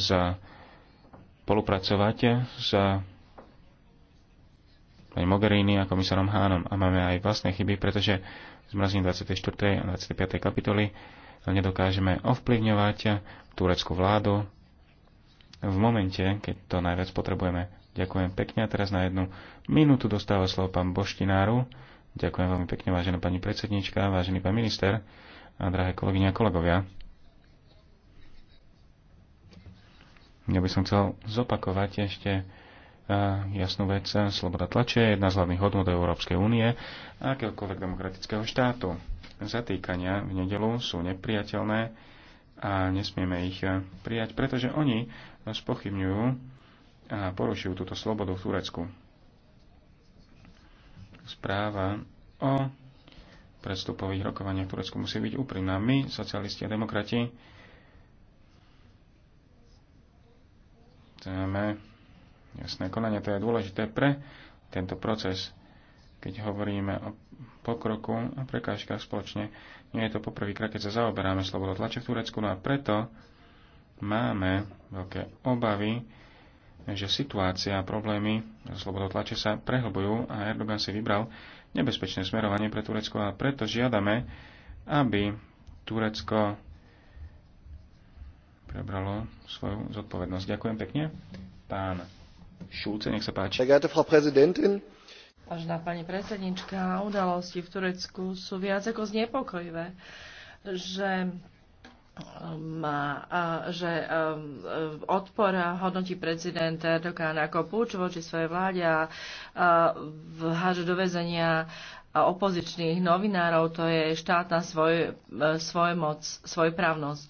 za spolupracovať s pani Mogherini a komisárom Hánom a máme aj vlastné chyby, pretože z mrazím 24. a 25. kapitoly nedokážeme ovplyvňovať tureckú vládu v momente, keď to najviac potrebujeme. Ďakujem pekne a teraz na jednu minútu dostáva slovo pán Boštináru. Ďakujem veľmi pekne, vážená pani predsednička, vážený pán minister a drahé kolegyne a kolegovia. Ja by som chcel zopakovať ešte jasnú vec, sloboda tlače je jedna z hlavných hodnot Európskej únie a akéhokoľvek demokratického štátu. Zatýkania v nedelu sú nepriateľné a nesmieme ich prijať, pretože oni spochybňujú a túto slobodu v Turecku. Správa o predstupových rokovaniach v Turecku musí byť úprimná. My, socialisti a demokrati, chceme jasné konanie. To je dôležité pre tento proces, keď hovoríme o pokroku a prekážkach spoločne. Nie je to poprvýkrát, keď sa zaoberáme slobodou tlače v Turecku, no a preto máme veľké obavy, že situácia a problémy slobodou tlače sa prehlbujú a Erdogan si vybral nebezpečné smerovanie pre Turecko a preto žiadame, aby Turecko prebralo svoju zodpovednosť. Ďakujem pekne. Pán Šulce, nech sa páči. Vážená pani predsednička, udalosti v Turecku sú viac ako znepokojivé, že má, že um, um, odpora hodnotí prezident Erdogan ako púč voči svojej vláde a háže do väzenia opozičných novinárov, to je štátna svoj, svoj moc, svojprávnosť.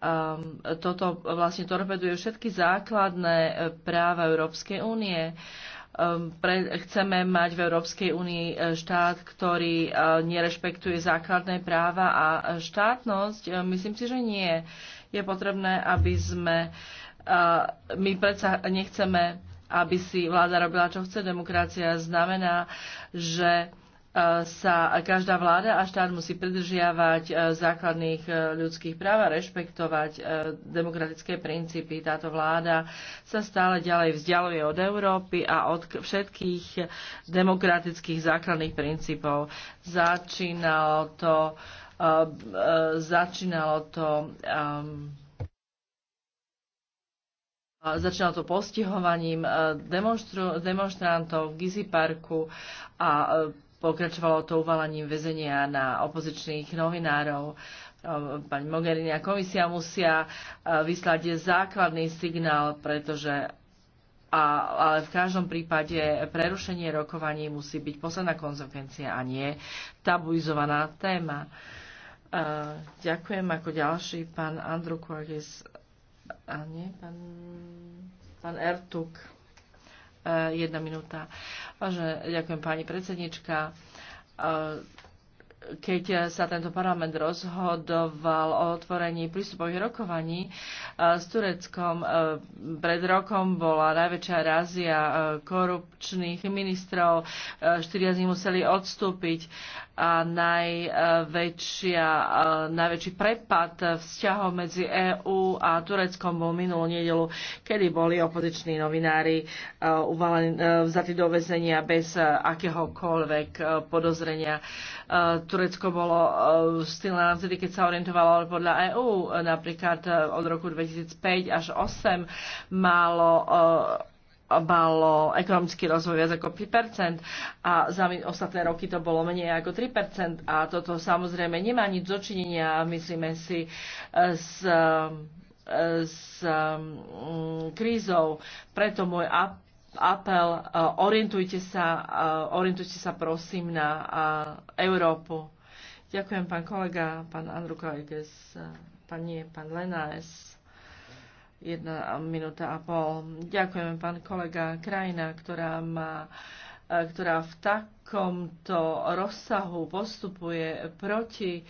Um, toto vlastne torpeduje všetky základné práva Európskej únie. Ehm, pre, chceme mať v Európskej únii e, štát, ktorý e, nerešpektuje základné práva a e, štátnosť? Myslím si, že nie. Je potrebné, aby sme. My predsa nechceme, aby si vláda robila, čo chce. Demokracia znamená, že sa každá vláda a štát musí pridržiavať e, základných e, ľudských práv a rešpektovať e, demokratické princípy. Táto vláda sa stále ďalej vzdialuje od Európy a od všetkých demokratických základných princípov. Začínalo to, začínalo to Začalo to postihovaním demonstrantov v Gizi parku a Pokračovalo to uvalaním väzenia na opozičných novinárov. Pani Mogherini a komisia musia e, vyslať základný signál, pretože a, ale v každom prípade prerušenie rokovaní musí byť posledná konzekvencia a nie tabuizovaná téma. E, ďakujem ako ďalší pán Andru a nie pán, pán Ertuk. Eh, jedna minúta. Vážne, ďakujem pani predsednička. Eh, keď sa tento parlament rozhodoval o otvorení prístupových rokovaní eh, s Tureckom, pred rokom bola najväčšia razia korupčných ministrov, štyria z nich museli odstúpiť najväčšia, najväčší prepad vzťahov medzi EÚ a Tureckom bol minulú nedelu, kedy boli opoziční novinári e, uvalení, e, vzatí do vezenia bez e, akéhokoľvek podozrenia. Turecko bolo stýlené vtedy, keď sa orientovalo podľa EÚ. Napríklad od roku 2005 až 2008 malo malo ekonomický rozvoj viac ako 5% a za ostatné roky to bolo menej ako 3% a toto samozrejme nemá nič zočinenia, myslíme si, e, s e, s e, krízou. Preto môj apel, orientujte sa, orientujte sa prosím na Európu. Ďakujem, pán kolega, pán Andrukajkes, pán nie, pán Lenáes jedna minúta a pol. Ďakujem, pán kolega. Krajina, ktorá má e, ktorá v takomto rozsahu postupuje proti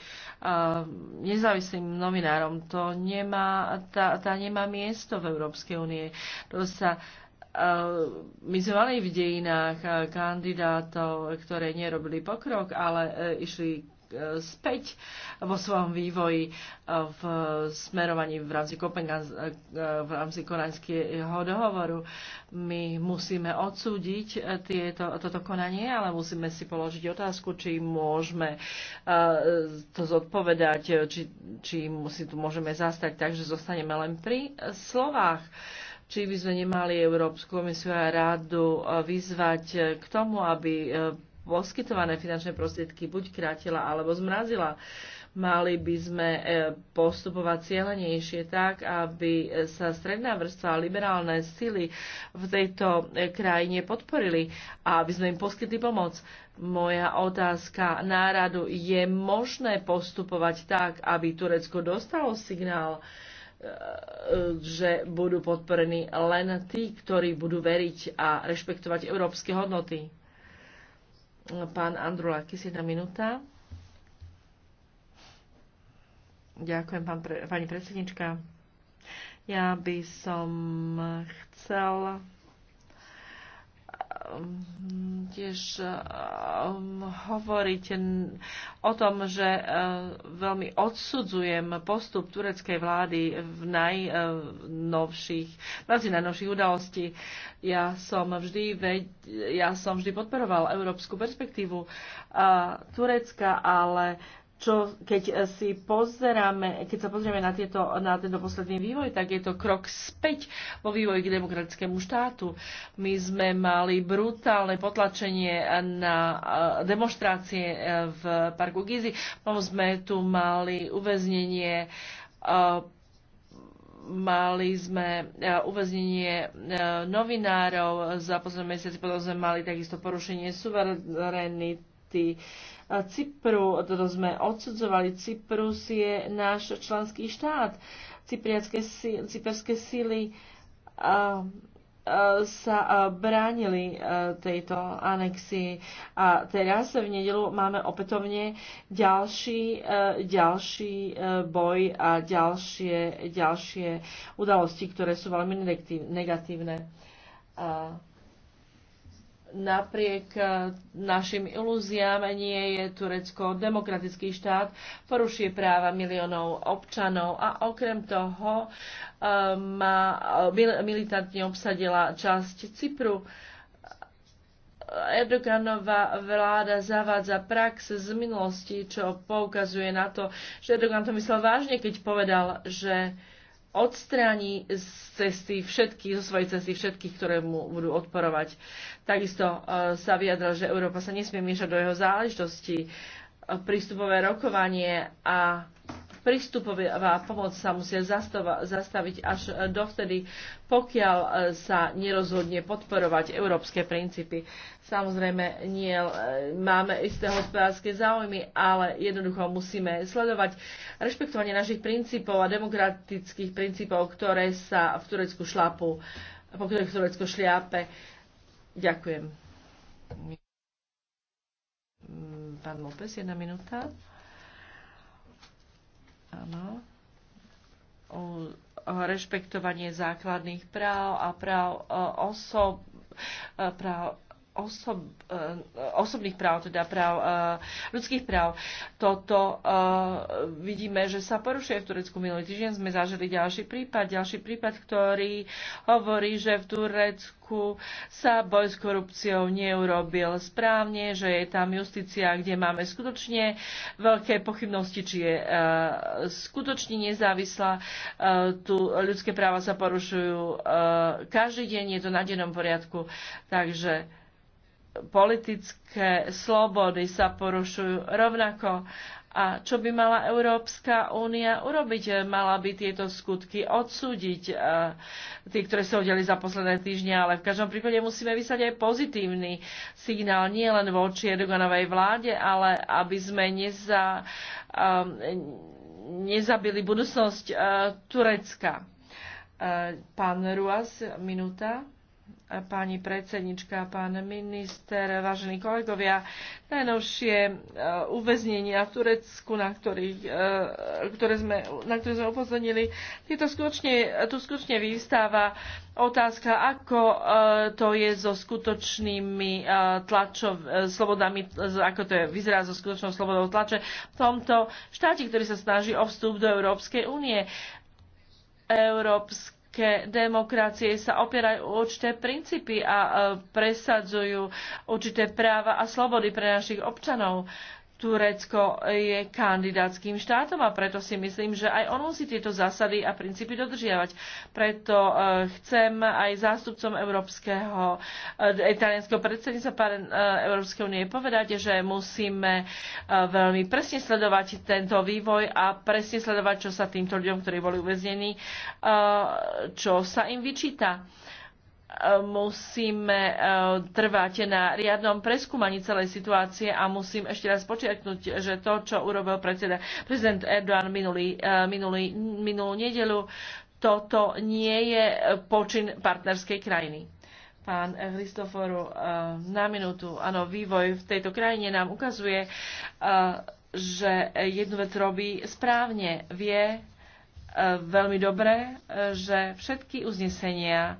nezávislým novinárom. To nemá, tá, tá nemá miesto v Európskej únie. To sa e, my sme mali v dejinách kandidátov, ktoré nerobili pokrok, ale e, išli späť vo svojom vývoji e, v smerovaní v rámci, e, v rámci koránskeho dohovoru. My musíme odsúdiť e, tieto, toto konanie, ale musíme si položiť otázku, či môžeme to zodpovedať, či, či si tu môžeme zastať tak, že zostaneme len pri slovách či by sme nemali Európsku komisiu a rádu vyzvať k tomu, aby poskytované finančné prostriedky buď krátila alebo zmrazila. Mali by sme e, postupovať cieľenejšie tak, aby sa stredná vrstva a liberálne sily v tejto e, krajine podporili a aby sme im poskytli pomoc. Moja otázka náradu, je možné postupovať tak, aby Turecko dostalo signál, e, že budú podporení len tí, ktorí budú veriť a rešpektovať európske hodnoty. Pán Andrulakis, jedna minúta. Ďakujem, pán pre, pani predsednička. Ja by som chcel tiež eh, hovoriť o tom, že eh, veľmi odsudzujem postup tureckej vlády v najnovších, v najnovších udalosti. Ja som vždy, ja som vždy podporoval európsku perspektívu eh, Turecka, ale čo, keď, si pozeráme, keď sa pozrieme na, tieto, na tento posledný vývoj, tak je to krok späť vo vývoji k demokratickému štátu. My sme mali brutálne potlačenie na eh, demonstrácie eh, v parku Gizi, potom sme tu mali uväznenie eh, mali sme uväznenie novinárov za posledné mesiace, potom sme mali takisto porušenie suverenity Cypru. Toto sme odsudzovali. Cyprus je náš členský štát. cyperské síly sa bránili tejto anexii. A teraz v nedelu máme opätovne ďalší, e, ďalší e, boj a ďalšie, ďalšie udalosti, ktoré sú veľmi negatívne napriek e, našim ilúziám nie je Turecko demokratický štát, porušuje práva miliónov občanov a okrem toho e, má, e, militantne obsadila časť Cypru. Erdoganová vláda zavádza prax z minulosti, čo poukazuje na to, že Erdogan to myslel vážne, keď povedal, že uh, odstráni z cesty všetky, zo svojej cesty všetkých, ktoré mu budú odporovať. Takisto e, sa vyjadral, že Európa sa nesmie miešať do jeho záležitosti, e, prístupové rokovanie a prístupová pomoc sa musia zastaviť až e, dovtedy, pokiaľ e, sa nerozhodne podporovať európske princípy. Samozrejme, nie, e, máme isté hospodárske záujmy, ale jednoducho musíme sledovať rešpektovanie našich princípov a demokratických princípov, ktoré sa v Turecku šlápu, po ktorých Turecko šliape. Ďakujem. Pán López, jedna minúta. Áno. O, o rešpektovanie základných práv a práv osob, práv osob, eh, osobných práv, teda práv, eh, ľudských práv. Toto eh, vidíme, že sa porušuje v Turecku. Minulý týždeň sme zažili ďalší prípad, ďalší prípad, ktorý hovorí, že v Turecku sa boj s korupciou neurobil správne, že je tam justícia, kde máme skutočne veľké pochybnosti, či je skutočne nezávislá. Tu ľudské práva sa porušujú každý deň, je to na dennom poriadku. Takže politické slobody sa porušujú rovnako. A čo by mala Európska únia urobiť? Mala by tieto skutky odsúdiť, eh, tí, ktoré sa udeli za posledné týždne, ale v každom prípade musíme vysať aj pozitívny signál, nie len voči Erdoganovej vláde, ale aby sme neza, eh, nezabili budúcnosť eh, Turecka. Pán Ruas, minúta pani predsednička, pán minister, vážení kolegovia. Najnovšie e, uväznenia v Turecku, na, ktorých, e, ktoré sme, na ktoré sme upozornili, tieto skutočne, tu skutočne vystáva otázka, ako e, to je so skutočnými tlačov, slobodami, ako to je, vyzerá so skutočnou slobodou tlače v tomto štáte, ktorý sa snaží o vstup do Európskej únie. Európske ke demokracie sa opierajú určité princípy a e, presadzujú určité práva a slobody pre našich občanov. Turecko je kandidátským štátom a preto si myslím, že aj on musí tieto zásady a princípy dodržiavať. Preto e, chcem aj zástupcom európskeho, e, italianského predsedníca e, Európskej únie povedať, že musíme veľmi presne sledovať tento vývoj a presne sledovať, čo sa týmto ľuďom, ktorí boli uväznení, čo sa im vyčíta musíme e, trvať na riadnom preskúmaní celej situácie a musím ešte raz počiarknúť, že to, čo urobil predseda, prezident Erdogan minulý, e, minulý, minulú nedelu, toto nie je počin partnerskej krajiny. Pán Christoforu, e, na minútu, áno, vývoj v tejto krajine nám ukazuje, že jednu vec robí správne, vie veľmi dobré, že všetky uznesenia,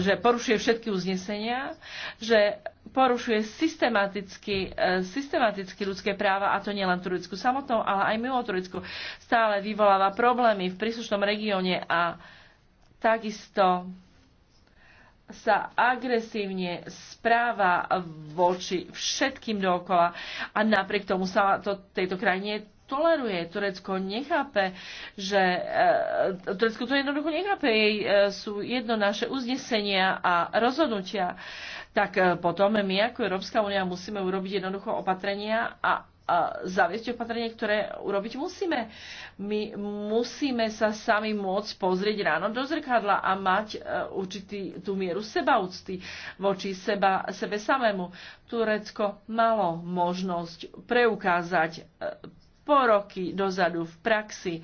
že porušuje všetky uznesenia, že porušuje systematicky, e, systematicky ľudské práva, a to nielen Turecku samotnou, ale aj mimo Turecku. Stále vyvoláva problémy v príslušnom regióne a takisto sa agresívne správa voči všetkým dokola a napriek tomu sa to tejto krajine toleruje. Turecko nechápe, že... E, Turecko to jednoducho nechápe. Jej e, sú jedno naše uznesenia a rozhodnutia. Tak e, potom my ako Európska únia musíme urobiť jednoducho opatrenia a zaviesť opatrenie, ktoré urobiť musíme. My musíme sa sami môcť pozrieť ráno do zrkadla a mať určitý tú mieru sebaúcty voči seba, sebe samému. Turecko malo možnosť preukázať po roky dozadu v praxi,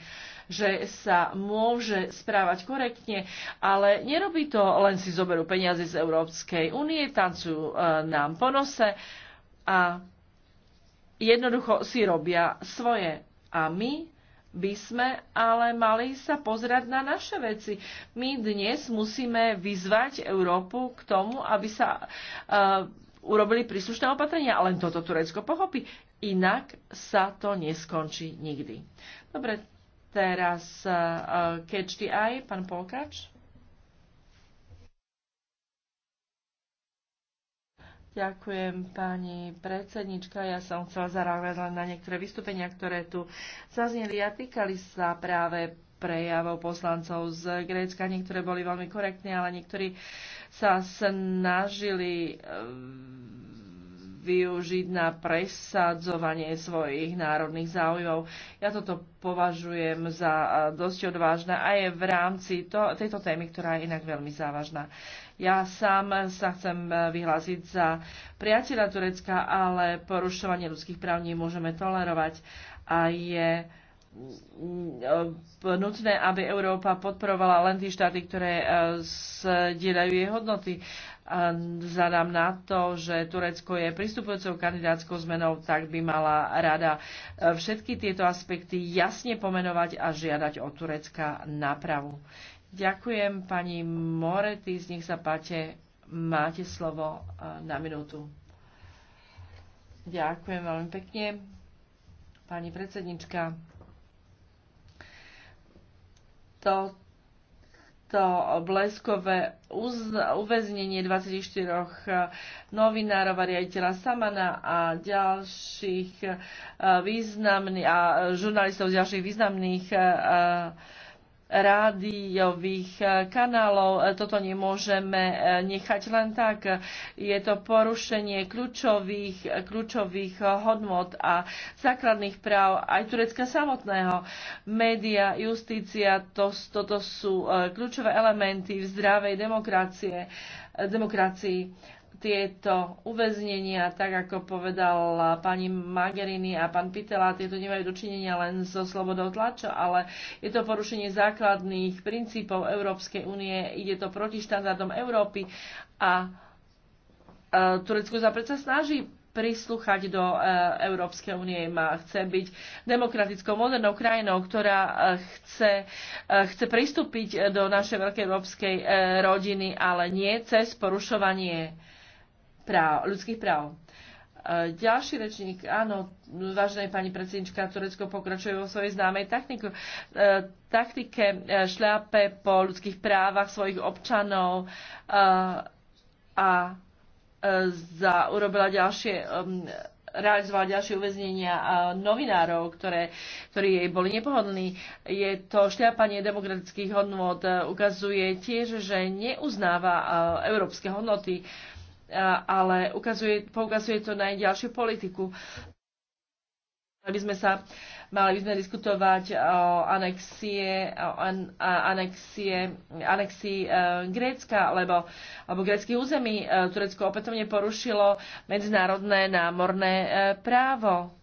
že sa môže správať korektne, ale nerobí to len si zoberú peniaze z Európskej únie, tancujú e, nám po nose a jednoducho si robia svoje. A my by sme ale mali sa pozerať na naše veci. My dnes musíme vyzvať Európu k tomu, aby sa uh, urobili príslušné opatrenia. Len toto Turecko pochopí. Inak sa to neskončí nikdy. Dobre, teraz uh, catch the eye, pán Polkač. Ďakujem, pani predsednička. Ja som chcela zareagovať len na niektoré vystúpenia, ktoré tu zazneli a týkali sa práve prejavov poslancov z Grécka. Niektoré boli veľmi korektné, ale niektorí sa snažili e, využiť na presadzovanie svojich národných záujmov. Ja toto považujem za dosť odvážne a je v rámci to, tejto témy, ktorá je inak veľmi závažná. Ja sám sa chcem e, vyhlásiť za priateľa Turecka, ale porušovanie ľudských práv nemôžeme tolerovať a je nutné, aby Európa podporovala len tie štáty, ktoré zdieľajú e, jej hodnoty. Zadám na to, že Turecko je pristupujúcou kandidátskou zmenou, tak by mala rada e, všetky tieto aspekty jasne pomenovať a žiadať od Turecka napravu. Ďakujem pani z nich sa páte, máte slovo e, na minútu. Ďakujem veľmi pekne. Pani predsednička, to, to bleskové uz, uväznenie 24 eh, novinárov a riaditeľa Samana a ďalších eh, významných a eh, žurnalistov z ďalších významných rádiových eh, kanálov. Eh, toto nemôžeme eh, nechať len tak. Je to porušenie kľúčových, kľúčových hodnot a základných práv aj Turecka samotného. Média, justícia, to, toto sú kľúčové elementy v zdravej demokracie, demokracii tieto uväznenia, tak ako povedal pani Magerini a pán Pitela, tieto nemajú dočinenia len so slobodou tlačo, ale je to porušenie základných princípov Európskej únie, ide to proti štandardom Európy a e, Turecko sa predsa snaží prislúchať do e, Európskej únie, má, chce byť demokratickou modernou krajinou, ktorá e, chce, chce pristúpiť do našej veľkej európskej rodiny, ale nie cez porušovanie práv, ľudských práv. E, ďalší rečník, áno, vážená pani predsednička, Turecko pokračuje vo svojej známej taktiku, e, taktike, e, šľape po ľudských právach svojich občanov a za, urobila ďalšie um, realizovala ďalšie uväznenia novinárov, ktoré, ktorí jej boli nepohodlní. Je to šľapanie demokratických hodnot ukazuje tiež, že neuznáva európske hodnoty ale ukazuje, poukazuje to na ďalšiu politiku. Mali by sme sa mali by sme diskutovať o anexie, o an, anexie, anexii e, Grécka, lebo, alebo gréckých území. E, Turecko opätovne porušilo medzinárodné námorné e, právo.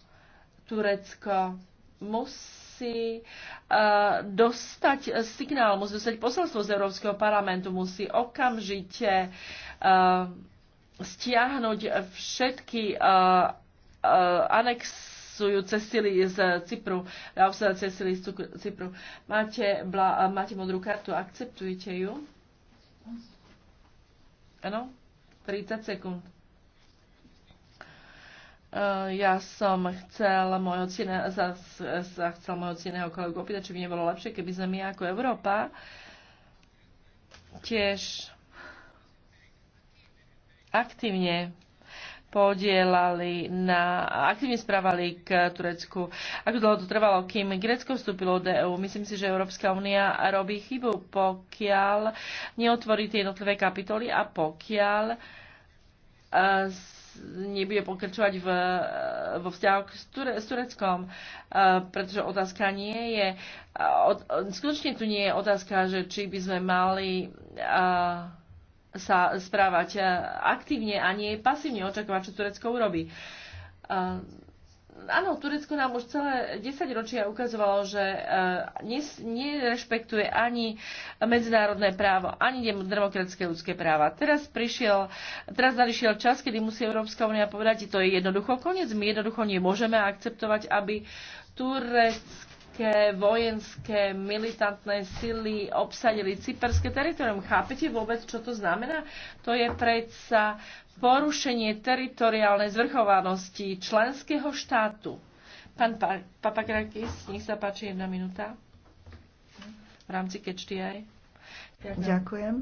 Turecko musí dostať signál, musí dostať posolstvo z Európskeho parlamentu, musí okamžite stiahnuť všetky eh, eh, anexujúce sily z Cypru, obsadácie sily z Cypru. Máte, bla, eh, máte modrú kartu, akceptujete ju? Áno? 30 sekúnd. Ja som chcel môjho cine, za, za chcel môjho cineho kolegu opýtať, či by nebolo lepšie, keby sme my ako Európa tiež aktívne podielali na, aktívne správali k Turecku. Ako dlho to trvalo, kým Grécko vstúpilo do EÚ? Myslím si, že Európska únia robí chybu, pokiaľ neotvorí tie jednotlivé kapitoly a pokiaľ e, nebude pokračovať v, e, vo vzťahoch s, Ture, s Tureckom, e, pretože otázka nie je, od, skutočne tu nie je otázka, že či by sme mali sa správať e, aktívne a nie pasívne očakávať, čo Turecko urobí. E, áno, Turecko nám už celé 10 ročia ukazovalo, že e, nerešpektuje ani medzinárodné právo, ani demokratické ľudské práva. Teraz prišiel, teraz nadišiel čas, kedy musí Európska únia povedať, že to je jednoducho koniec. My jednoducho nemôžeme akceptovať, aby Turecko turecké vojenské militantné sily obsadili cyperské teritorium. Chápete vôbec, čo to znamená? To je predsa porušenie teritoriálnej zvrchovanosti členského štátu. Pán Papagrakis, nech sa páči, jedna minúta v rámci KHTI. Ďakujem. Ďakujem.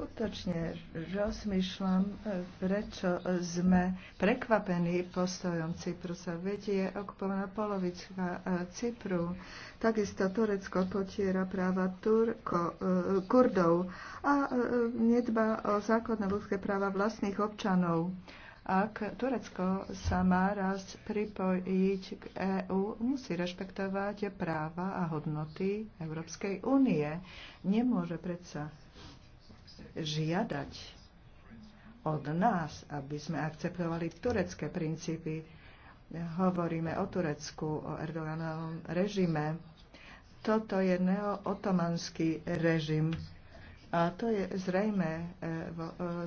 Skutočne rozmýšľam, e, prečo sme prekvapení postojom Sa vedie je okupovaná polovička e, Cypru. Takisto Turecko potiera práva Turko, e, Kurdov a nedba o základné ľudské práva vlastných občanov. Ak Turecko sa má raz pripojiť k EÚ, musí rešpektovať práva a hodnoty Európskej únie. Nemôže predsa žiadať od nás, aby sme akceptovali turecké princípy. Hovoríme o Turecku, o Erdoganovom režime. Toto je neo-otomanský režim. A to je zrejme e, e,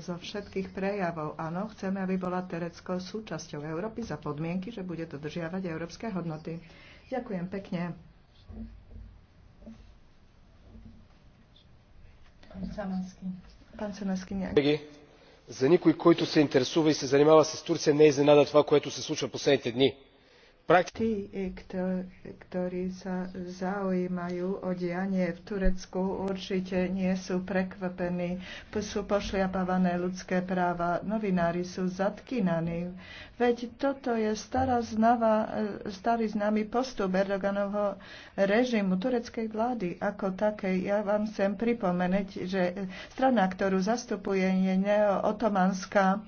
zo všetkých prejavov. Áno, chceme, aby bola Terecko súčasťou Európy za podmienky, že bude dodržiavať európske hodnoty. Ďakujem pekne. Zamanský. За никой, който се интересува и се занимава с Турция, не е изненада това, което се случва в последните дни Tí, e, ktorí sa zaujímajú o dianie v Turecku, určite nie sú prekvapení. Sú pošliapávané ľudské práva, novinári sú zatkinaní. Veď toto je stará znava, e, starý známy postup Erdoganovho režimu tureckej vlády ako takej. Ja vám chcem pripomeneť, že strana, ktorú zastupuje, je neotomanská e,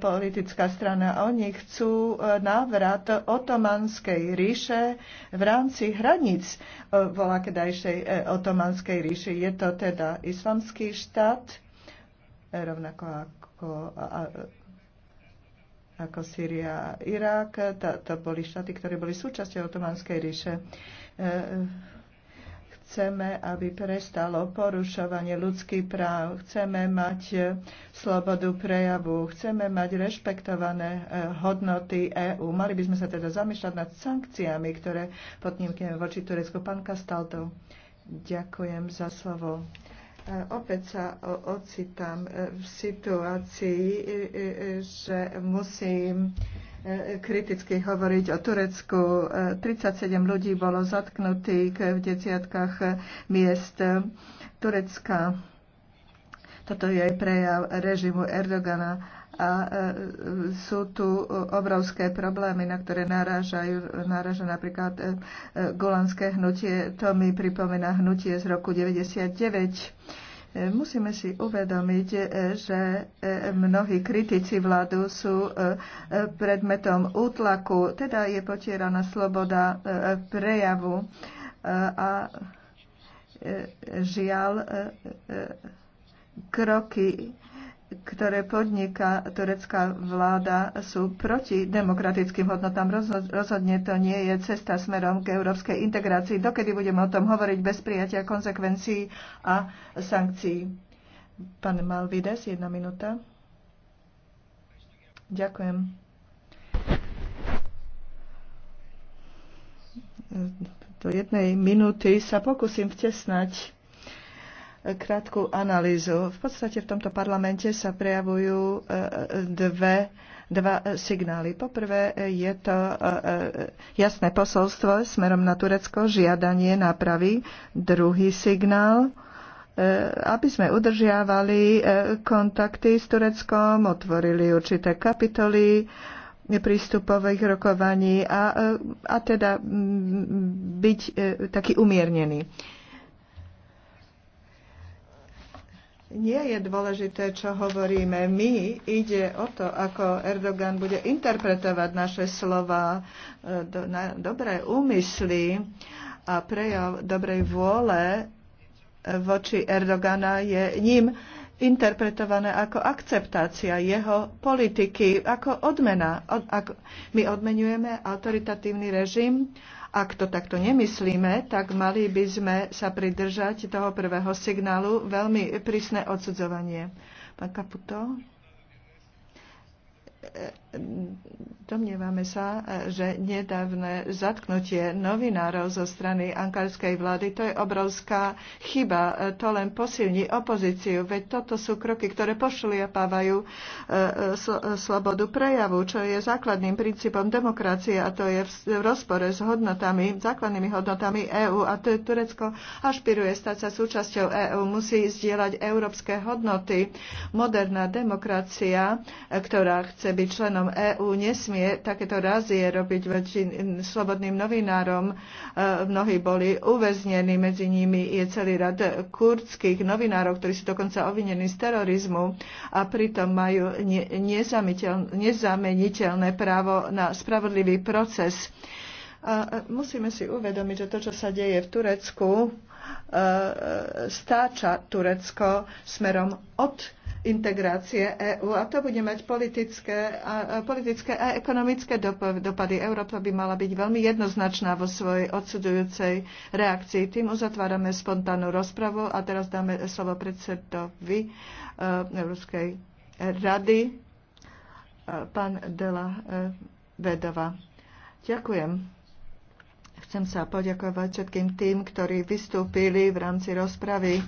politická strana. Oni chcú návrat otomanskej ríše v rámci hraníc e, volakedajšej e, otomanskej ríše. Je to teda islamský štát, e, rovnako ako ako Syria a Irak. To, boli štáty, ktoré boli súčasťou otomanskej ríše. Chceme, aby prestalo porušovanie ľudských práv. Chceme mať e, slobodu prejavu. Chceme mať rešpektované e, hodnoty EÚ. Mali by sme sa teda zamýšľať nad sankciami, ktoré podnikneme voči Turecku. Pán Kastalto, ďakujem za slovo e, opäť sa ocitám v situácii, že musím E, kriticky hovoriť o Turecku. 37 e, ľudí bolo zatknutých v desiatkách miest Turecka. Toto je aj prejav režimu Erdogana a e, sú tu obrovské problémy, na ktoré narážajú, naráža napríklad golandské hnutie. To mi pripomína hnutie z roku 99 Musíme si uvedomiť, že e, mnohí kritici vládu sú e, predmetom útlaku, teda je potieraná sloboda e, prejavu a žiaľ kroky ktoré podniká turecká vláda, sú proti demokratickým hodnotám. Rozhodne to nie je cesta smerom k európskej integrácii. Dokedy budeme o tom hovoriť bez prijatia konsekvencií a sankcií? Pán Malvides, jedna minúta. Ďakujem. Do jednej minúty sa pokúsim vtesnať krátku analýzu. V podstate v tomto parlamente sa prejavujú e, e, dve, dva e, signály. Poprvé je to jasné posolstvo smerom na Turecko, žiadanie nápravy. Druhý signál aby sme udržiavali kontakty s Tureckom, otvorili určité kapitoly prístupových rokovaní a, a teda byť taký umiernený. nie je dôležité, čo hovoríme my. Ide o to, ako Erdogan bude interpretovať naše slova, e, do, na, dobré úmysly a prejav dobrej vôle voči Erdogana je ním interpretované ako akceptácia jeho politiky, ako odmena. Od, ako, my odmenujeme autoritatívny režim ak to takto nemyslíme, tak mali by sme sa pridržať toho prvého signálu veľmi prísne odsudzovanie. Pán Kaputo? Domnievame sa, že nedávne zatknutie novinárov zo strany ankarskej vlády, to je obrovská chyba. To len posilní opozíciu, veď toto sú kroky, ktoré pošliapávajú e, e, slobodu prejavu, čo je základným princípom demokracie a to je v rozpore s hodnotami, základnými hodnotami EÚ a to je Turecko ašpiruje stať sa súčasťou EÚ, musí zdieľať európske hodnoty. Moderná demokracia, e, ktorá chce byť členom občanom EÚ nesmie takéto razie robiť väčšin, slobodným novinárom. E, mnohí boli uväznení, medzi nimi je celý rad kurdských novinárov, ktorí sú dokonca ovinení z terorizmu a pritom majú nezameniteľné právo na spravodlivý proces. A musíme si uvedomiť, že to, čo sa deje v Turecku, e, e, stáča Turecko smerom od integrácie EÚ a to bude mať politické a, politické a ekonomické dopady. Európa by mala byť veľmi jednoznačná vo svojej odsudzujúcej reakcii. Tým uzatvárame spontánnu rozpravu a teraz dáme slovo predsedovi e, Európskej rady, e, pán Dela e, Vedova. Ďakujem. Chcem sa poďakovať všetkým tým, ktorí vystúpili v rámci rozpravy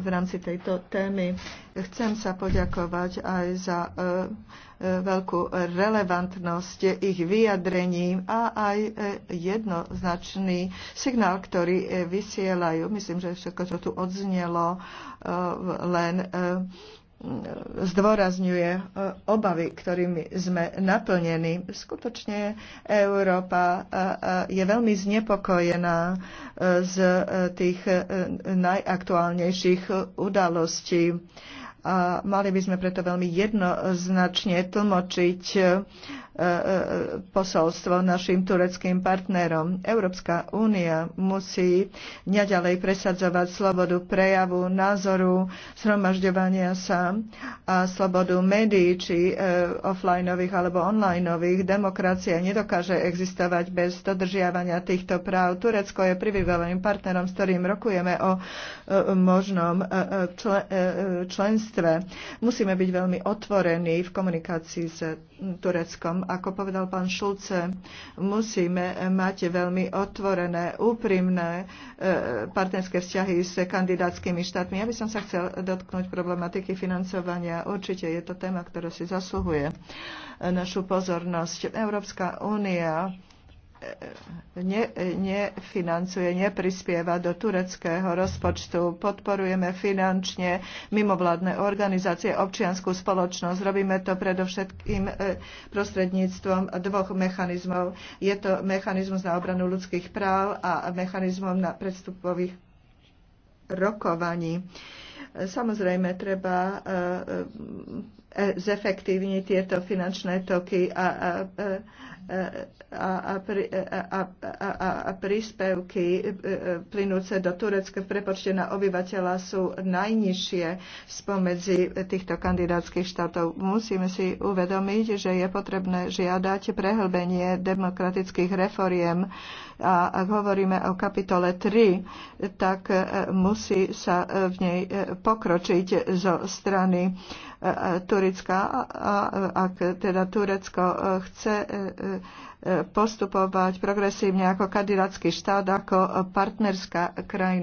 v rámci tejto témy. Chcem sa poďakovať aj za e, e, veľkú relevantnosť ich vyjadrením a aj e, jednoznačný signál, ktorý vysielajú. Myslím, že všetko, čo tu odznelo, len zdôrazňuje e, obavy, ktorými sme naplnení. Skutočne Európa e, e, je veľmi znepokojená z tých najaktuálnejších udalostí a mali by sme preto veľmi jednoznačne tlmočiť e, e, posolstvo našim tureckým partnerom. Európska únia musí neďalej presadzovať slobodu prejavu, názoru, zhromažďovania sa a slobodu médií, či e, offlineových alebo onlineových. Demokracia nedokáže existovať bez dodržiavania týchto práv. Turecko je privilegovaným partnerom, s ktorým rokujeme o možnom členstve členstve. Musíme byť veľmi otvorení v komunikácii s Tureckom. Ako povedal pán Šulce, musíme mať veľmi otvorené, úprimné e, partnerské vzťahy s kandidátskymi štátmi. Ja by som sa chcel dotknúť problematiky financovania. Určite je to téma, ktorá si zasluhuje našu pozornosť. Európska únia ne, nefinancuje, neprispieva do tureckého rozpočtu. Podporujeme finančne mimovládne organizácie, občianskú spoločnosť. Robíme to predovšetkým e, prostredníctvom dvoch mechanizmov. Je to mechanizmus na obranu ľudských práv a mechanizmom na predstupových rokovaní. Samozrejme, treba e, e, zefektívniť tieto finančné toky a, a, a a, a, a, a príspevky e, e, plynúce do Turecka v prepočte na obyvateľa sú najnižšie spomedzi týchto kandidátskych štátov. Musíme si uvedomiť, že je potrebné žiadať prehlbenie demokratických reforiem a ak hovoríme o kapitole 3, tak e, musí sa e, v nej e, pokročiť zo strany Turecka. A ak teda Turecko chce postupovať progresívne ako kandidátsky štát, ako partnerská krajina,